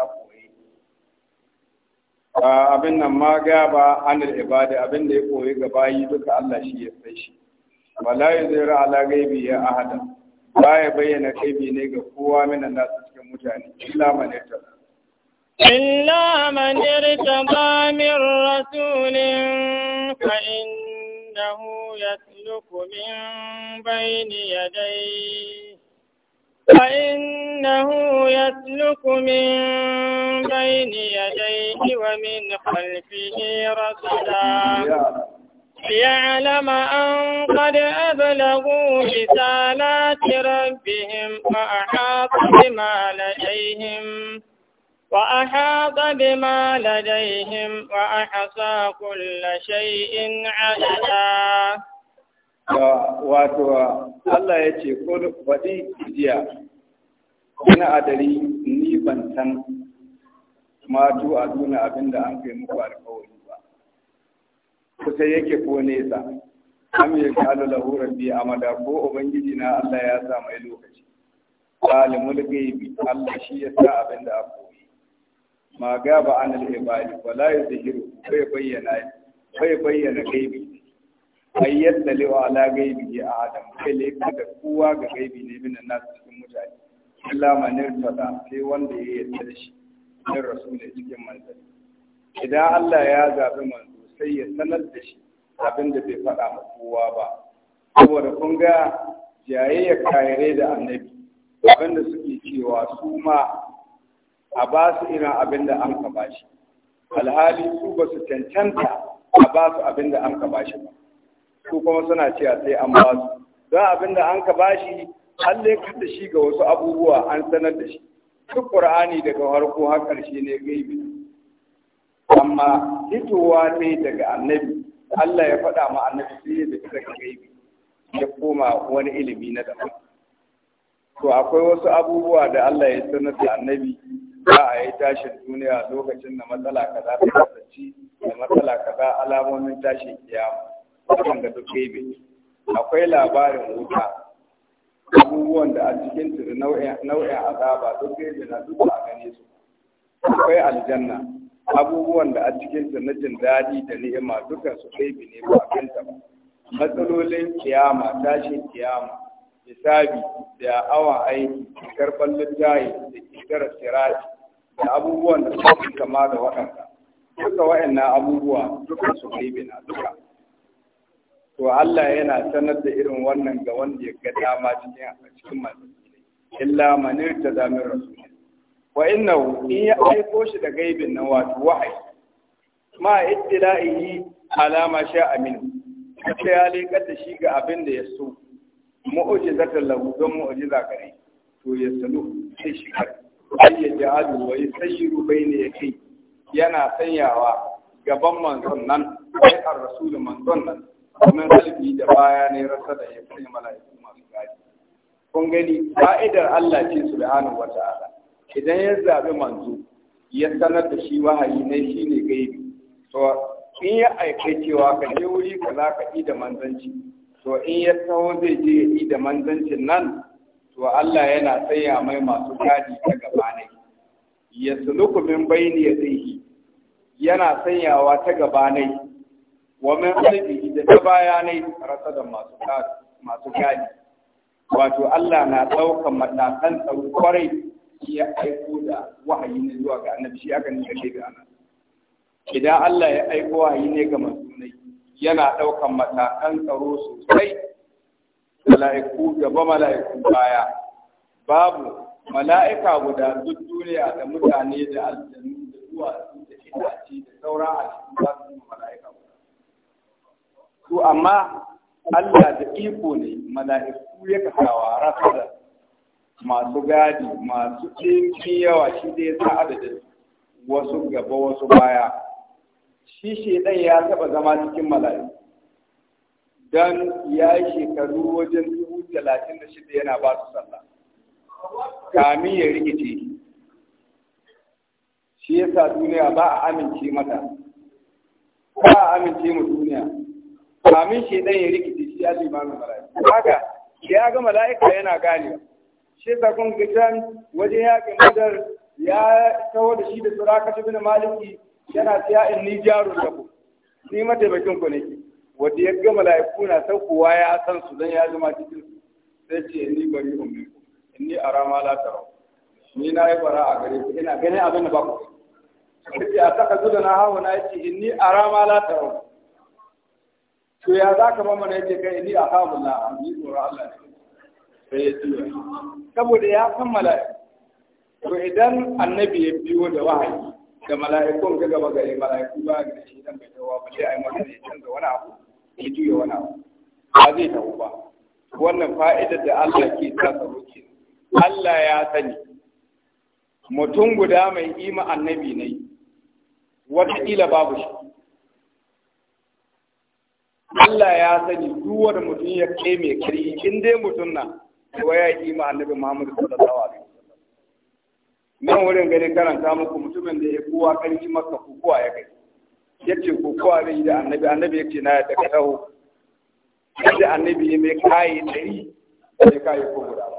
a abin nan ma ba an ibada abin da ya koyi ga bayi duka Allah shi ya sai shi wala yuhiru ala gaibi ya ahada ba ya bayyana gaibi ne ga kowa minan nasu cikin mutane illa man irtaba illa man irtaba min rasulin fa innahu yasluku min bayni yadayhi فإنه يسلك من بين يديه ومن خلفه رصدا ليعلم أن قد أبلغوا رسالات ربهم وأحاط بما لديهم وأحاط بما لديهم وأحصى كل شيء عددا wato Allah ya ce ko faɗi jiya ina adari ni ban san a duna abinda an kai muku alƙawari kusa yake ko nesa am ya kalu lahu rabbi amada ko ubangiji na Allah ya sa mai lokaci alimul ghaibi Allah shi ya sa abin da aku ma ba an al-ibadi wala yuzhiru bai bayyana bai bayyana gaibi ai yadda lewa ala gaibi ya adam kai le da kowa ga gaibi ne min nas cikin mutane illa man irtada sai wanda ya yarda da shi ne rasul cikin manzali idan Allah ya zabi manzo sai ya sanar da shi abin da bai faɗa ma kowa ba saboda kun ga ya kayare da annabi abin da suke cewa su ma a ba su irin abin da an ka bashi alhali su ba su cancanta a ba su abin da an ka bashi ba su kuma suna cewa sai an ba su don abin da an ka bashi an lekar da shi ga wasu abubuwa an sanar da shi duk ƙur'ani daga harko har ƙarshe ne gaibi amma fitowa ne daga annabi Allah ya faɗa ma annabi sai ya fita daga gaibi ya koma wani ilimi na daban to akwai wasu abubuwa da Allah ya sanar da annabi za a yi tashin duniya lokacin da matsala kaza ta kasance da matsala kaza alamomin tashin kiyama wannan da duk gaibi akwai labarin wuta abubuwan da a cikin su nau'in azaba duk gaibi na duk a gane su akwai aljanna abubuwan da a cikin su na jin daɗi da ni'ima dukan su ɗaibi ne ba kan ta ba matsalolin kiyama tashin kiyama hisabi da awa aiki karɓar littafi da kikar sirati da abubuwan da suka kama da waɗanda duka waɗannan abubuwa dukan su ɗaibi na duka to Allah yana sanar da irin wannan ga wanda ya ga dama cikin cikin manzanni illa manir ta damir rasulullah wa innahu in ya aiko shi da gaibin nan wato wahayi ma ittila'ihi alama sha'a minhu sai ya lekar da shi ga abin da ya so mu'jizatul lahu don mu'jiza gare to ya salu sai shi kar ai ya ja'alu wa yusayyiru bayna yake yana sanyawa gaban manzon nan sai ar-rasul manzon nan kuma kalbi da baya ne rasa da ya mala'iku masu gadi kun gani fa'idar Allah ce subhanahu wata'ala idan ya zaɓi manzo ya sanar da shi wahayi ne shi ne gaibi to in ya aika cewa ka je wuri ka za ka yi da manzanci to in ya taho zai je ya yi da manzancin nan to Allah yana sanya mai masu gadi ta gaba ne ya suluku min bayni ya zai yana sanyawa ta gaba ne wa min albi da ta baya ne rasa da masu gadi masu gadi wato Allah na ɗaukan matakan tsaro kwarai ya aiko da wahayi ne zuwa ga annabi shi aka nuna ga ana idan Allah ya aiko wahayi ne ga manzonai yana ɗaukan matakan tsaro sosai mala'iku gaba mala'iku baya babu mala'ika guda duk duniya da mutane da aljanu da duwatsu da itace da saura aljanu za su yi mala'ika guda to amma Allah da iko ne mala'iku ya kasawa da. masu gadi masu ɗinki yawa shi zai sa adadin wasu gaba wasu baya shi shedan ya taɓa zama cikin mala'iku dan ya yi shekaru wajen dubu talatin da shida yana ba su sallah kamin ya rikice shi yasa duniya ba a amince mata ba a amince mu duniya kamin shedan ya rikice shi ya limamin mala'ika haka ya ga mala'ika yana ganewa shi kun waje wajen yakin madar ya kawo da shi da ta bina maliki yana siya in ni jaro da ku ni mataimakin ku ne wanda ya ga malaiku na saukowa ya san su dan ya zama cikin su sai ce ni bari in ni arama la tarau ni na yi fara a gare ku ina ganin abin da ba ku sai a saka zuwa na hawo na yace ni arama la tarau to ya za ka ba mana yace kai hawo na, ni tsoron Allah ne sai ya saboda ya san mala'iku to idan annabi ya biyo da wahayi da mala'ikun ga gaba gare mala'iku ba ga shi dan bai dawo ba sai ai maka ya canza wani abu ya juya wani abu ba zai tawo ba wannan fa'idar da Allah ke sa tsaro Allah ya sani mutum guda mai ima annabi ne wataƙila babu shi Allah ya sani duwar mutum ya kai mai kari in dai mutum na waya ya yi ma annabi Muhammad sallallahu alaihi wasallam nan wurin gani karanta muku mutumin da ya kowa karfi maka kukuwa ya kai yace kukuwa zai yi da annabi annabi yace na yadda ka taho yadda annabi ya mai kayi dari sai kayi ko guda ba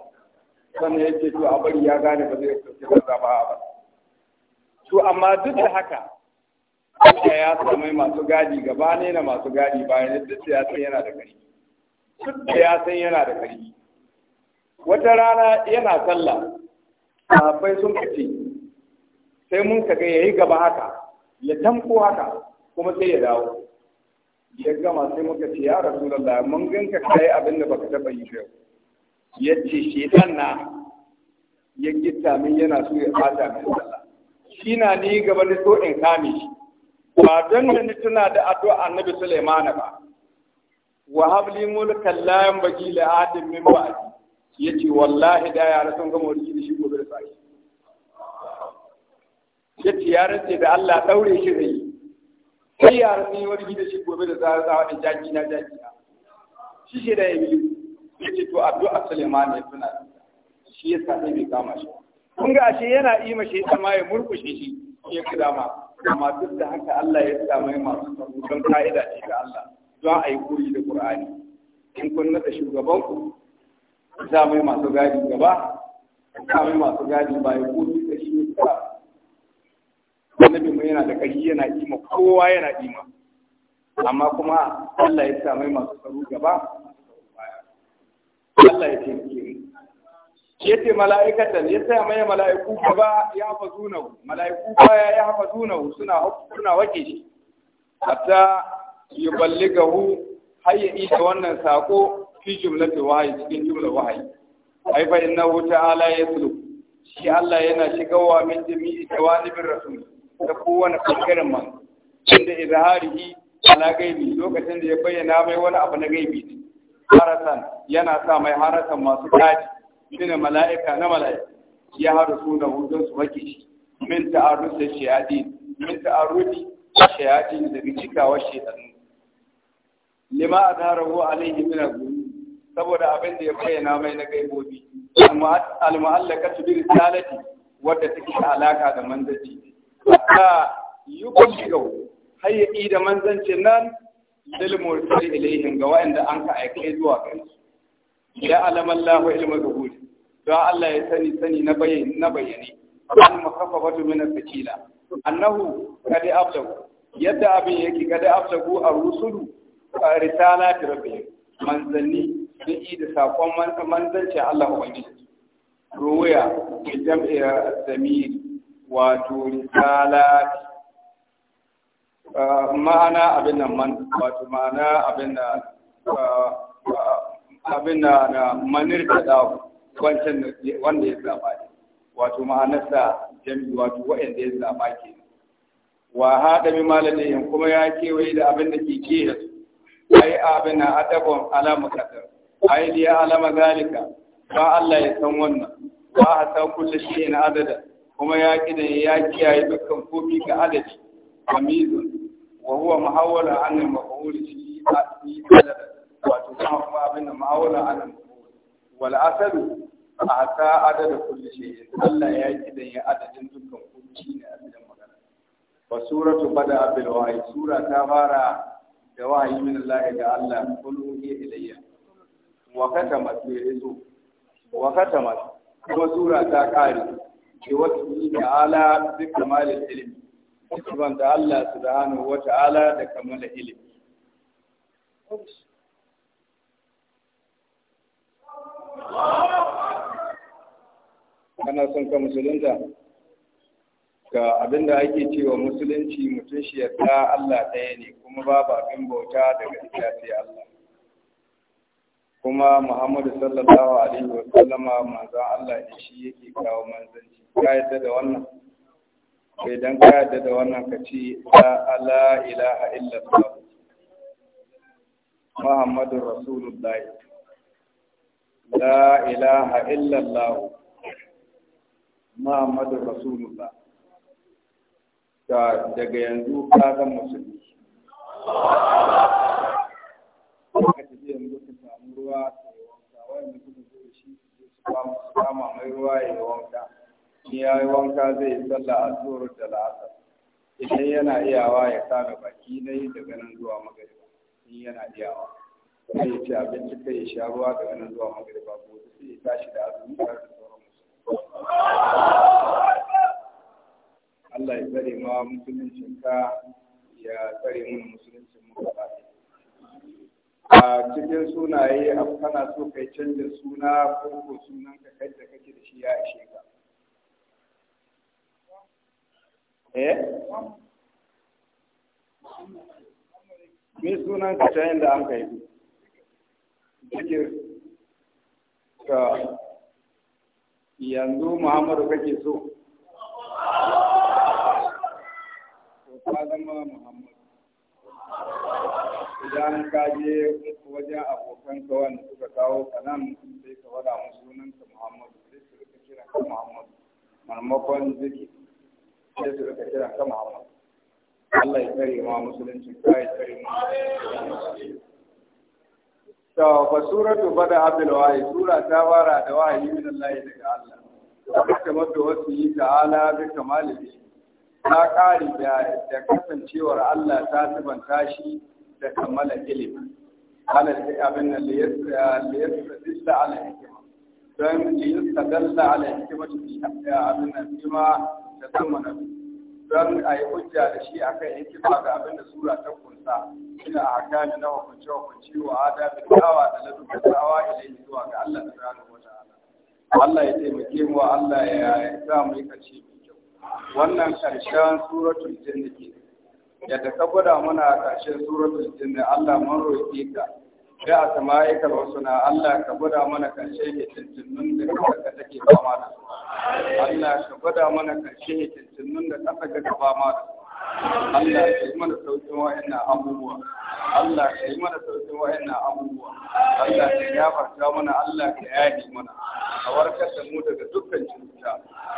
sannan yace to a ya gane ba zai kace ba ba to amma duk da haka Allah ya sami masu gadi gaba ne na masu gadi bayan yadda sai ya san yana da ƙarfi. Duk da ya san yana da ƙarfi. wata rana yana sallah sahabbai sun kace sai mun kaga yayi gaba haka ya tanko haka kuma sai ya dawo ya gama sai muka ce ya rasulullah mun ganka kai abin da baka taba yi ba yace shedan na ya gitta min yana so ya fata min sallah shi na ni gaba ni so in kame shi ba dan da ni tuna da addu'a annabi Sulaiman ba wa habli mulkan la yambaji li adam min ba'di ya wallahi da yara sun gama wani da shi gobe da sashi ya ce ce da Allah ɗaure shi zai sai yaran ne wani da shi gobe da zara zawa da jaki na jaki na shi shi da ya biyu ya ce to addu'a Suleiman ya tuna shi ya sa sai bai kama shi kun ga ashe yana ima shi ma ya murkushe shi ya kira ma amma duk da haka Allah ya sa mai masu don ka'ida ce ga Allah don a yi koyi da Qur'ani in kun nada ku. sa mai masu gadi gaba sa mai masu gadi baya ko da shi ne sa annabi mai yana da kashi yana ima kowa yana ima amma kuma Allah ya sa mai masu tsaro gaba Allah ya ce mu ya ce mala'ikatan ya sa mai mala'iku gaba ya hafazu na mala'iku baya ya hafazu na suna suna wake shi hatta yuballighahu har ya isa wannan sako fi jumlatul wahayi cikin jumlar wahayi ai fa innahu ta'ala yaslu shi Allah yana shigawa min jami'i jawanibir rasul da kowane bangaren man inda izharihi ala gaibi lokacin da ya bayyana mai wani abu na gaibi ne harasan yana sa mai harasan masu kaji shine mala'ika na mala'ika ya haɗu su da hudun su wake shi min ta'arrus da shayadin min ta'arrudi shayadin da bi cikawa shaytan lima adharahu alayhi min al saboda abin da ya bayyana mai na gaibobi almu'allakatu bi risalati wadda take da alaka da manzanci ka yi shigau har ya da manzanci nan dal mursali ilaihin, ga wanda an ka aika zuwa gare su ya alamallahu ilmu zuhuri don Allah ya sani sani na bayyane na bayyane an muhaffafatu min al-thaqila annahu qad ablagu yadda abin yake qad ablagu ar-rusulu risalati rabbihim manzanni sun yi da saƙon manzancin Allah wani Ruwaya ke jam'iyyar zamiri wato risala ah, ma'ana abin nan man wato ma'ana abin nan ah, abin na na ah, manir da dawo wancan wanda ya zaba ne wato ma'anarsa jami'i wato wa'anda ya zaba ke wa haɗa bi malalayin kuma ya kewaye da abin da ke ke da su ai abin na adabon alamuka ai da ya alama zalika ba Allah ya san wannan ba a san kulle shi na adada kuma ya kida ya kiyaye dukkan kofi ga adadi amizun wa huwa muhawwala an al-maf'ul shi adada wato kuma kuma abin da muhawwala an al-maf'ul wal asal a ta adada kulle shi Allah ya kida ya adadin dukkan kofi shi ne adadin magana wa suratu bada bil wahyi sura ta fara da wahayi min Allah ga Allah kullu ilayya wa katama ya zo wa katama kuma sura ta kare ke wata yi da ala duk kamalin ilimi sifan da Allah subhanahu wa ta'ala da kamala ilimi kana son ka musulunta ga abin da ake cewa musulunci mutum shi yadda Allah ɗaya ne kuma babu abin bauta daga ita sai Allah kuma Muhammadu sallallahu alaihi wa sallama manzon Allah ne shi yake kawo manzanci ka yadda da wannan sai eh, dan ka yadda da wannan ka ce la ilaha illallah Muhammadu Rasulullahi la ilaha illallah Muhammadur Rasulullah daga yanzu ka zama musulmi ruwa su yi wanka wanda suka zo shi su kama mai ruwa ya yi wanka Ni ya yi wanka zai yi sallah a tsoron da la'asar idan yana iyawa ya kame baki na yi daga nan zuwa magariba in yana iyawa sai ce abinci kai ya sha ruwa daga nan zuwa magariba ko sai ya tashi da azumi tare da sauran musu. Allah ya tsare ma musuluncin ka ya tsare mun musulunci. mu gaba ɗaya a cikin sunaye abu kana so kai canza suna ko sunan ka kai da kake da shi ya ishe ka eh me sunan ka ta yanda an kai zikir ka yanzu muhammadu kake so Ko ka zama muhammadu idan ka je wajen abokan wanda suka kawo ka nan sai ka faɗa musu sunan ka Muhammadu sai su rika kira ka Muhammadu marmakon ziki sai su rika kira ka Muhammadu Allah ya kare ma musulunci ka ya kare ma to fa suratu bada abdul wahid sura ta fara da wahayi min Allah daga Allah ta mata wasu yi ta'ala bi kamalihi Na ƙari da kasancewar Allah ta tabanta shi da kammala ilimi ala abin nan liyastadilla ala hikima don liyastadilla ala hikima abin nan hikima da kammala don a yi hujja da shi akan hikima ga abin da sura ta kunsa ina a hakami na hukunce hukunci wa da dawa da ladubin dawa ilai zuwa ga Allah subhanahu wa ta'ala Allah ya taimake mu Allah ya sa mu yi kace mai kyau wannan karshen suratul jinn ke yadda ka gwada mana a ƙarshen suratul da Allah mun roƙe ka sai a sama'ika na Allah ka gwada mana ne tuntunun da ƙasa ka take fama da su Allah ka gwada mana ne tuntunun da ƙasa ka fama da su Allah ya yi mana sauƙin wa'annan abubuwa Allah ya yi mana sauƙin wa'annan abubuwa Allah ya gafarta mana Allah ya yaji mana a warkar da mu daga dukkan cuta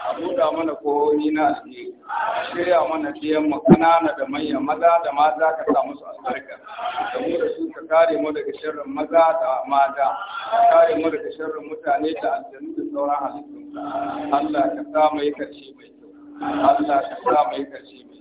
a buɗa mana kohoni na alheri shirya mana biyan mu kanana da manya maza da mata ka sa musu albarka da mu da su ka kare mu daga sharrin maza da mata ka kare mu daga sharrin mutane da aljanu da sauran halittu Allah ka sa mu yi karshe mai kyau Allah ka sa mu yi karshe mai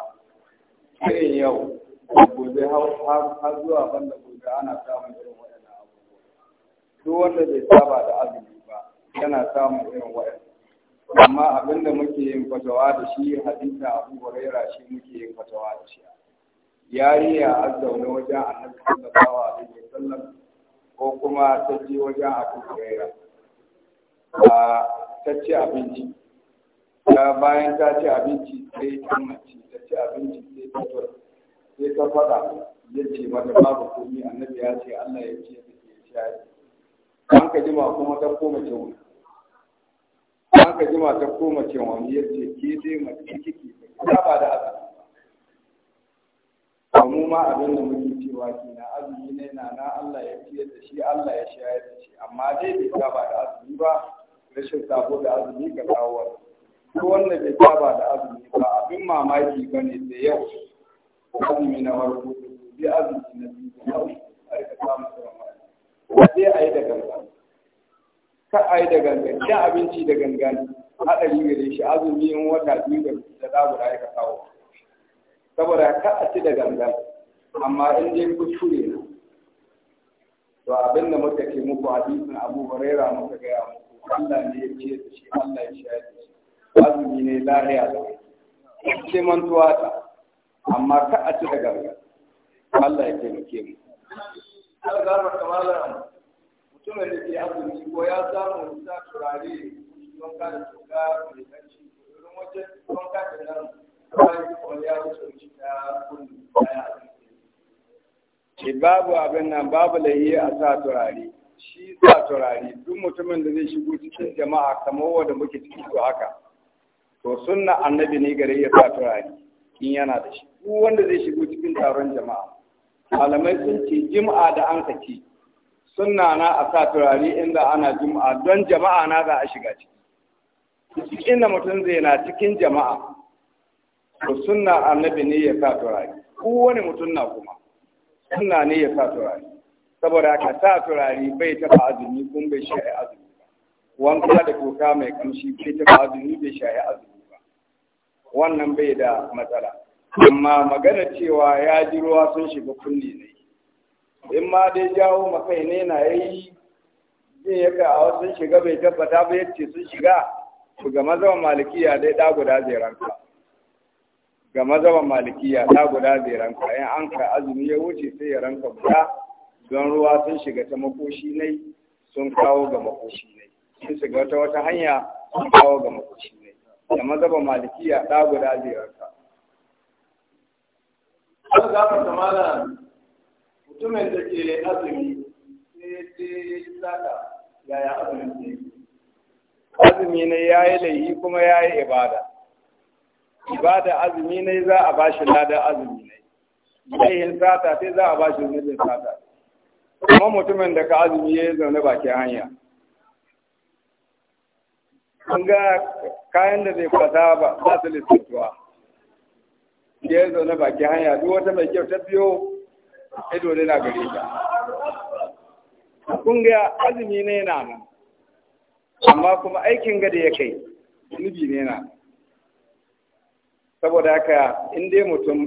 irin yau gobe har zuwa banda gobe ana samun irin waɗannan abubuwa duk wanda bai saba da azumi ba yana samun irin waɗannan amma abinda muke yin fatawa da shi hadisa abu huraira shi muke yin fatawa da shi yariya an zaune wajen annabi sallallahu alaihi wasallam ko kuma ta je wajen abu huraira ta ci abinci ga bayan ta ci abinci sai ta mace ta ci abinci sai ta tura sai ta faɗa ya ce mata babu komi annabi ya ce Allah ya ce ta ke shayi an ka jima kuma ta koma ce wani an ka jima ta koma ce wani ya ce ke dai mace kike ta ba da azumi ba mu ma abin da muke cewa ke na azumi ne na na Allah ya ciyar da shi Allah ya shayar da shi amma dai bai saba da azumi ba rashin sabo da azumi ka kawo wani ko wanda bai saba da azumi ba abin mamaki ba ne da yau azumi na farko bi azumi na biyu da yau a rika samun sauran sai a yi da gangan ka a yi da gangan cin abinci da gangan haɗari gare shi azumi in wata biyu da da dabura ya kawo saboda ka a ci da gangan amma in dai kuskure na to abin da muka ke muku hadisin abu huraira muka gaya muku Allah ne ya ce da shi Allah ya shayar da shi azumi ne lahiya da ce mantuwa ta amma ka a ci da garga Allah ya taimake mu algarba kamala mutumin da ke azumi ko ya samu sa turare don kada tuka mai kanci don wajen don kada nan bayan ko ya wuce shi ta kullu baya azumi babu abin nan babu lahiya a sa turare shi sa turare duk mutumin da zai shigo cikin jama'a kamar wanda muke ciki to haka to sunna annabi ne gare ya sa turare in yana da shi duk wanda zai shigo cikin taron jama'a malamai sun ce jima'a da an kace sunna na a sa turare inda ana jima'a don jama'a na za a shiga ciki cikin da mutum zai na cikin jama'a to sunna annabi ne ya sa turare wani mutum na kuma sunna ne ya sa turare saboda ka sa turare bai taba azumi kun bai shi azumi wanka da toka mai kamshi bai taba azumi bai shi azumi wannan bai da matsala amma magana cewa ya ji ruwa sun shiga kunne ne in ma dai jawo makai ne na yi. zai yaka a wasu shiga bai tabbata ba yadda sun shiga ga mazaban malikiya dai da guda zai ranka ga mazaban malikiya da guda zai ranka in an ka azumi ya wuce sai ya ranka guda don ruwa sun shiga ta makoshi ne sun kawo ga makoshi ne sun shiga ta wata hanya sun kawo ga makoshi da mazaba malikiya ɗa guda zai Za ku gafa da mutumin da ke azumi sai ce ya yi yaya azumin ne. Azumi ne ya yi laihi kuma ya yi ibada. Ibada azumi ne za a ba shi ladar azumi ne. Laihin sata sai za a ba shi zunubin sata. Kuma mutumin da ka azumi ya yi zaune bakin hanya. kun ga kayan da zai kwasa ba ba su lissantuwa ya yi zaune baki hanya duk wata mai kyau ta biyo ido na gare ta kun ga azumi ne na nan amma kuma aikin gada ya kai nubi ne na saboda haka in dai mutum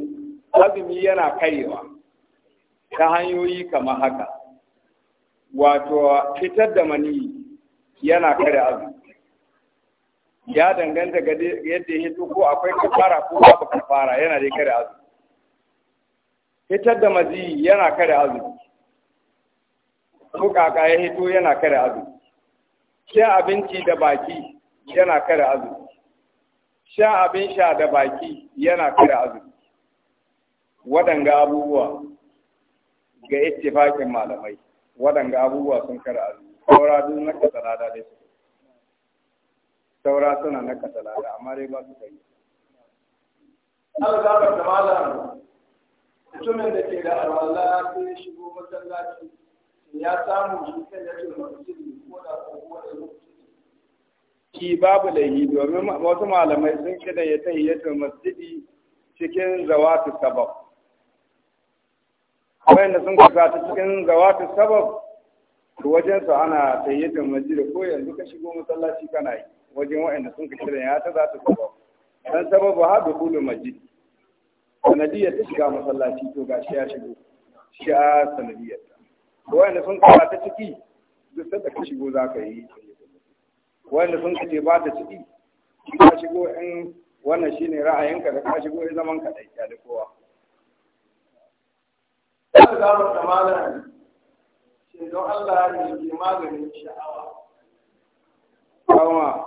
azumi yana karewa ta hanyoyi kamar haka wato fitar da mani yana kare azumi ya danganta ga yadda ya hito ko akwai kafara ko babu kafara yana da kare azumi fitar da maziyi yana kare azumi ko kaka ya hito yana kare azumi shan abinci da baki yana kare azumi shan abin sha da baki yana kare azumi waɗanga abubuwa ga ittifakin malamai waɗanga abubuwa sun kare azumi saura duk na kasala da su saura suna na katalada amma dai ba su kai Allah da ka mutumin da ke da alwala sai ya shigo masallaci ya samu shi kan ya ce masjidi ko da kowa da masjidi ki babu laihi domin wasu malamai sun kida ya tahiyatul masjidi cikin zawatu sabab wayanda sun kasa cikin zawatu sabab wajen su ana tahiyatul masjidi ko yanzu ka shigo masallaci kana yi wajen waɗanda sun ka da ya ta za ta sabab dan sababu ha da kullu masjid sanadiyya ta shiga masallaci to shi ya shigo shi a sanadiyya waɗanda sun ka ta ciki duk sanda ka shigo za ka yi waɗanda sun ka ce ba ta ciki ka shigo in wannan shine ra'ayinka da ka shigo in zaman ka dai da kowa Wasu damar da malam shi don Allah ne ke maganin sha'awa. Kawa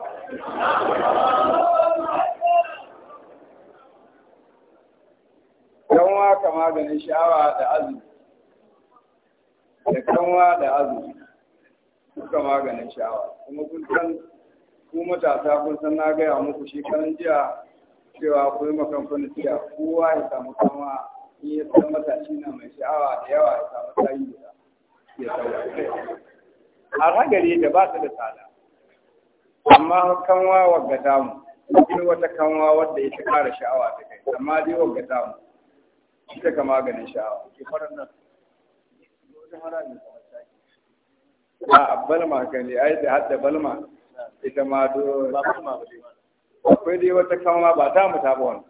kanwa ka maganin sha'awa da azumi da kanwa da azumi suka maganin sha'awa kuma kun san ku matasa kun san na gaya muku shekaran jiya cewa ku yi makamfani tiya kowa ya samu kanwa in ya san matashi na mai sha'awa da yawa ya samu tayi da ya sauka a ragare da ba su da tsada amma kanwa wagga damu akwai wata kanwa wadda ita kara sha'awa ta kai amma dai wagga shi ita ka maganin sha'awa ke faran nan a balma kan ne ai da hadda balma ita ma do akwai dai wata kanwa ba ta mu ta ba wannan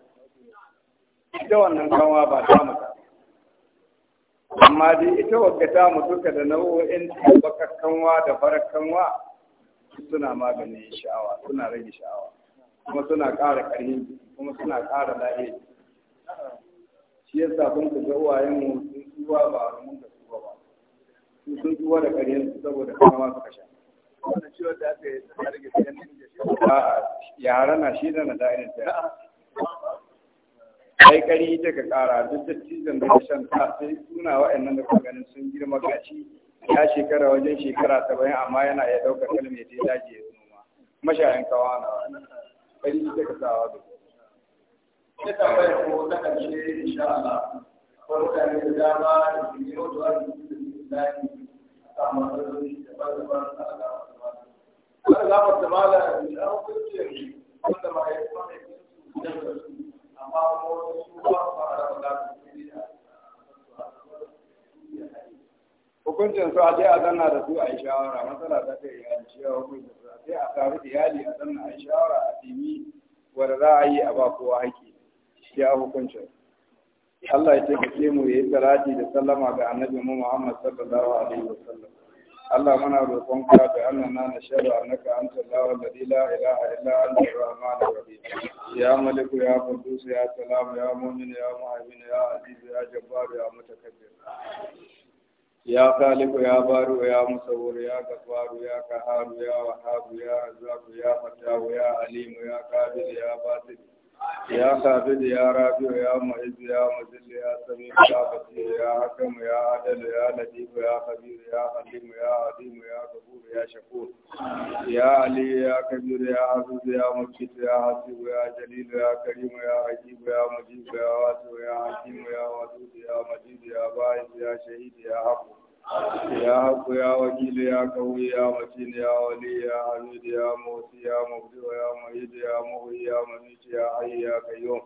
ita wannan kanwa ba ta mu ta amma dai ita wagga ta mu duka da nau'o'in bakakkanwa da farakkanwa suna maganin sha'awa suna rage sha'awa kuma suna ƙara ƙarfi kuma suna ƙara lahiri shi sa kun ku ga uwayen mu sun tsuwa ba a mun da tsuwa ba su sun tsuwa da ƙarfin su saboda kuma ma suka sha wannan ciwon da aka yi suna rage ƙarfin da shi yara na shi da na da'irin ta kai kari ta ka ƙara duk da cizon da shan ta sai suna wa'annan da kuma ganin sun girma gashi ya shekara wajen shekara saba'in amma yana ya dauka kalmai ta daji ya noma mashayan kawa na wani ƙari ta kasawa ba. ta ko ta insha Allah ko da da ta ba. da da da wanda ma ya kuma ne ba da hukuncin su a je a zanna da su a yi shawara matsala ta kai iyali shi ya da su sai a samu iyali a zanna a yi shawara a timi wanda za a yi a ba kowa haƙƙi shi ya hukuncin Allah ya taimake mu ya yi salati da sallama ga annabi mu Muhammad sallallahu alaihi wa sallam Allah muna roƙon ka da annana na sharu annaka anta Allah alladhi la ilaha illa anta ar-rahman ar-rahim ya malik ya qudus ya salam ya mu'min ya mu'min ya aziz ya jabbar ya mutakabbir ya khaliqu ya baru ya musawwir ya ghafaru ya qaharu ya wahhab ya razzaq ya fatah ya alim ya qadir ya basit يا خافد يا رافع يا معز يا مذل يا سميع يا بصير يا حكم يا عدل يا لطيف يا خبير يا حليم يا عظيم يا غفور يا شكور يا علي يا كبير يا عزيز يا مجيد يا حسيب يا جليل يا كريم يا عجيب يا مجيب يا واسع يا حكيم يا ودود يا مجيد يا باعث يا شهيد يا حفظ يا حق يا وكيل يا قوي يا متين يا ولي يا حميد يا موسي يا مبدئ يا مهيد يا مغي يا مميت يا حي يا قيوم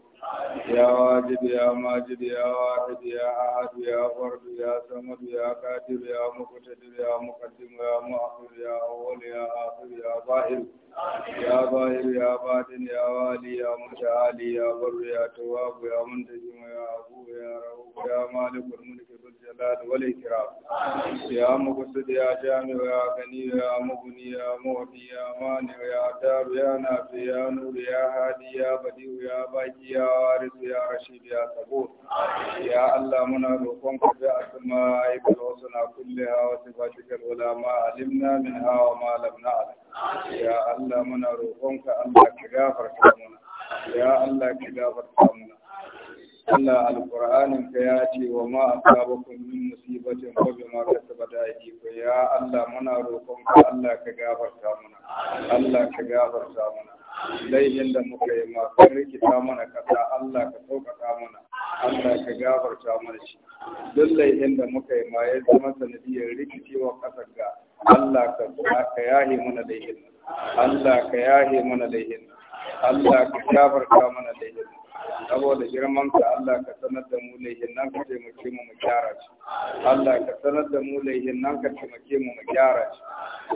يا واجد يا ماجد يا واحد يا أحد يا فرد يا صمد يا قادر يا مقتدر يا مقدم يا مؤخر يا أول يا آخر يا ظاهر يا ظاهر يا باطن يا والي يا متعالي يا بر يا تواب يا منتجم يا أبو يا رؤوف يا مالك الملك ذو الجلال والإكرام يا مقصد يا جامع يا غني يا مغني يا مغني يا مانع يا تاب يا نافع يا نور يا هادي يا بديع يا باقي يا وارث يا رشيد يا صبور يا الله منا روحك بأسمائك الحسنى كلها وصفاتك العلى ما علمنا منها وما لم نعلم يا الله منا روحك الله كغافر كامنا يا الله كغافر كامنا Allah alƙur'anin ka ya ce wa ma asabakum min musibatin fa bima kasabat aydikum ya Allah muna roƙon ka Allah ka gafarta mana Allah ka gafarta mana laifin da muka yi ma kan rikita mana kasa Allah ka sauƙaƙa mana Allah ka gafarta mana shi duk laifin da muka yi ma ya zama sanadiyar rikicewa ƙasar ga Allah ka yahe mana laifin Allah ka yahe mana laifin Allah ka gafarta mana laifin saboda girman ka Allah ka sanar da mu laihin nan ka taimake mu mu gyara shi Allah ka sanar da mu laihin nan ka taimake mu mu gyara shi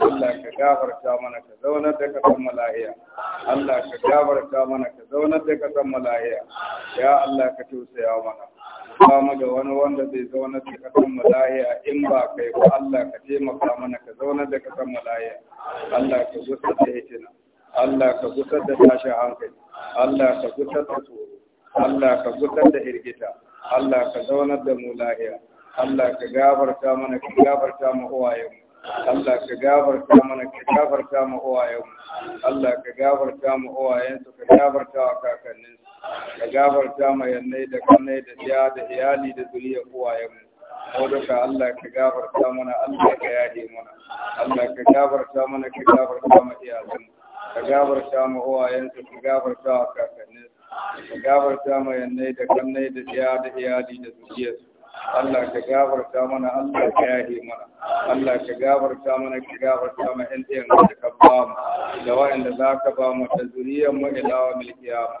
Allah ka gafarta mana ka zauna da ka san malaiya Allah ka gafarta mana ka zauna da ka san malaiya ya Allah ka tausaya mana kama mu da wani wanda zai zauna da kasan malaiya in ba kai ba Allah ka taimaka mana ka zauna da kasan malaiya Allah ka gusar da hitina Allah ka gusa da tashin hankali Allah ka gusa da tsoro Allah ka gusar da hirgita Allah ka zaunar da mu lahiya Allah ka gafarta mana ka gafarta mu uwayenmu Allah ka gafarta mana ka gafarta mu uwayenmu Allah ka gafarta mu uwayensu ka gafarta wa kakanninsu ka gafarta ma yannai da kannai da iya da iyali da zuriya uwayenmu wadaka Allah ka gafarta mana Allah ka yahe mana Allah ka gafarta mana ka gafarta ma iyalanmu ka gafarta ma uwayensu ka gafarta wa kakanninsu ka gafarta ma yannai da kannai da iya da iyali da zuriyarsu Allah ka gafarta mana Allah ka yahe mana Allah ka gafarta mana ka gafarta mana in ɗayan da ka ba mu da wa'anda za ka ba mu da zuriyar mu ilawa milkiyama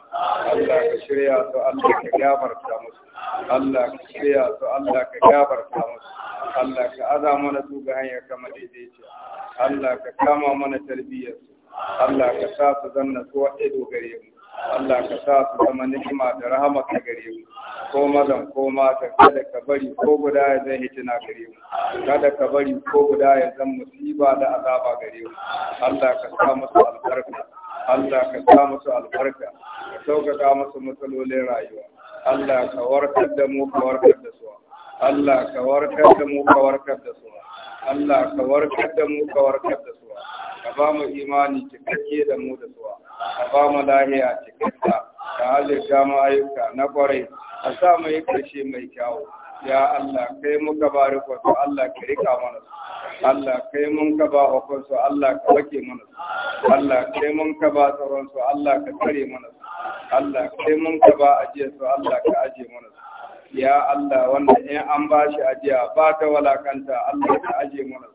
Allah ka shirya su Allah ka gafarta musu Allah ka shirya su Allah ka gafarta musu Allah ka aza mana su ga hanyar kama daidaiciya Allah ka kama mana tarbiyyar su Allah ka sa su zanna su wa ido gare mu Allah ka sa su zama ni'ima da rahama ka gare mu ko mazan ko mata kada ka bari ko guda ya zai hitina gare mu kada ka bari ko guda ya zan musiba da azaba gare mu Allah ka sa musu albarka Allah ka sa musu albarka ka sauƙaƙa musu matsalolin rayuwa Allah ka warkar da mu ka warkar da su Allah ka warkar da mu ka warkar da su Allah ka warkar da mu ka warkar da su ka ba mu imani cikakke da mu da su ka ba mu lahiya cikinta ka halitta mu ayyuka na kwarai ka sa mu yi ƙarshe mai kyawu ya Allah kai mun ka bari kwato Allah ka rika mana Allah kai mun ka ba hukunsu Allah ka wake mana Allah kai mun ka ba tsaronsu Allah ka tsare mana Allah kai mun ka ba ajiyarsu Allah ka ajiye mana ya Allah wanda in an ba shi ajiya ba ta walakanta Allah ka ajiye mana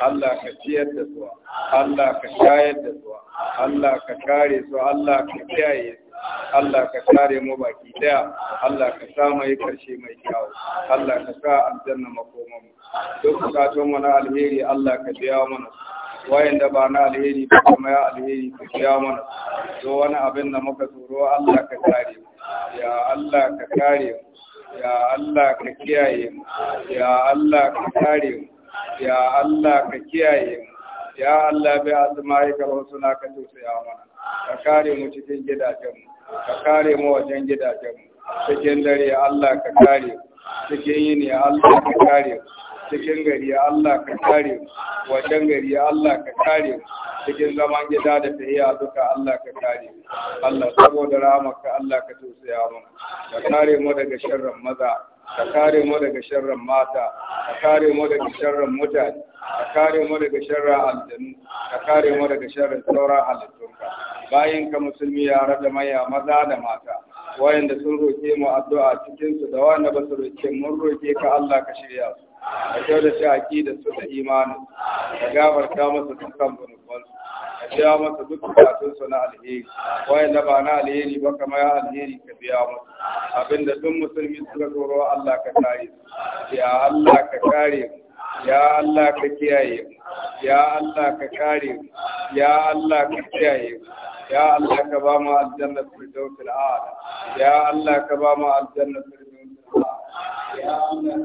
Allah ka ciyar da su Allah ka shayar da su Allah ka kare su Allah ka kiyaye su Allah ka kare mu baki daya Allah ka sa mai karshe mai kyau Allah ka sa aljanna makoman mu duk bukatun mu na alheri Allah ka biya mana wayanda ba na alheri ba kuma ya alheri ka biya mana to wani abin da muka tsoro Allah ka kare mu ya Allah ka kare mu ya Allah ka kiyaye mu ya Allah ka kare mu ya Allah ka kiyaye mu ya Allah bai ka husna ka tausaya mana ka kare mu cikin gidajen mu ka kare mu wajen gidajen mu cikin dare Allah ka kare mu cikin yini Allah ka kare mu cikin gari Allah ka kare mu wajen gari Allah ka kare mu cikin zaman gida da iya duka Allah ka kare mu Allah saboda rahmarka Allah ka tausaya mana ka kare mu daga sharrin maza ka kare mu daga sharran mata ka kare mu daga sharran mutane ka kare mu daga sharran aljanu ka kare mu daga sharran sauran halittunka bayan ka musulmi ya da maya maza da mata wayanda sun roke mu addu'a cikin su da wanda ba su roke mun roke ka Allah ka shirya su ka kyautata aqidar su da imanin ka gafarta musu dukkan ka biya masa duk bukatunsa na alheri wayan da ba na alheri ba kama ya alheri ka biya masa abinda duk musulmi suka tsoro Allah ka kare ya Allah ka kare ya Allah ka kiyaye ya Allah ka kare ya Allah ka kiyaye ya Allah ka ba mu aljanna firdausul a'la ya Allah ka ba mu aljanna firdausul a'la ya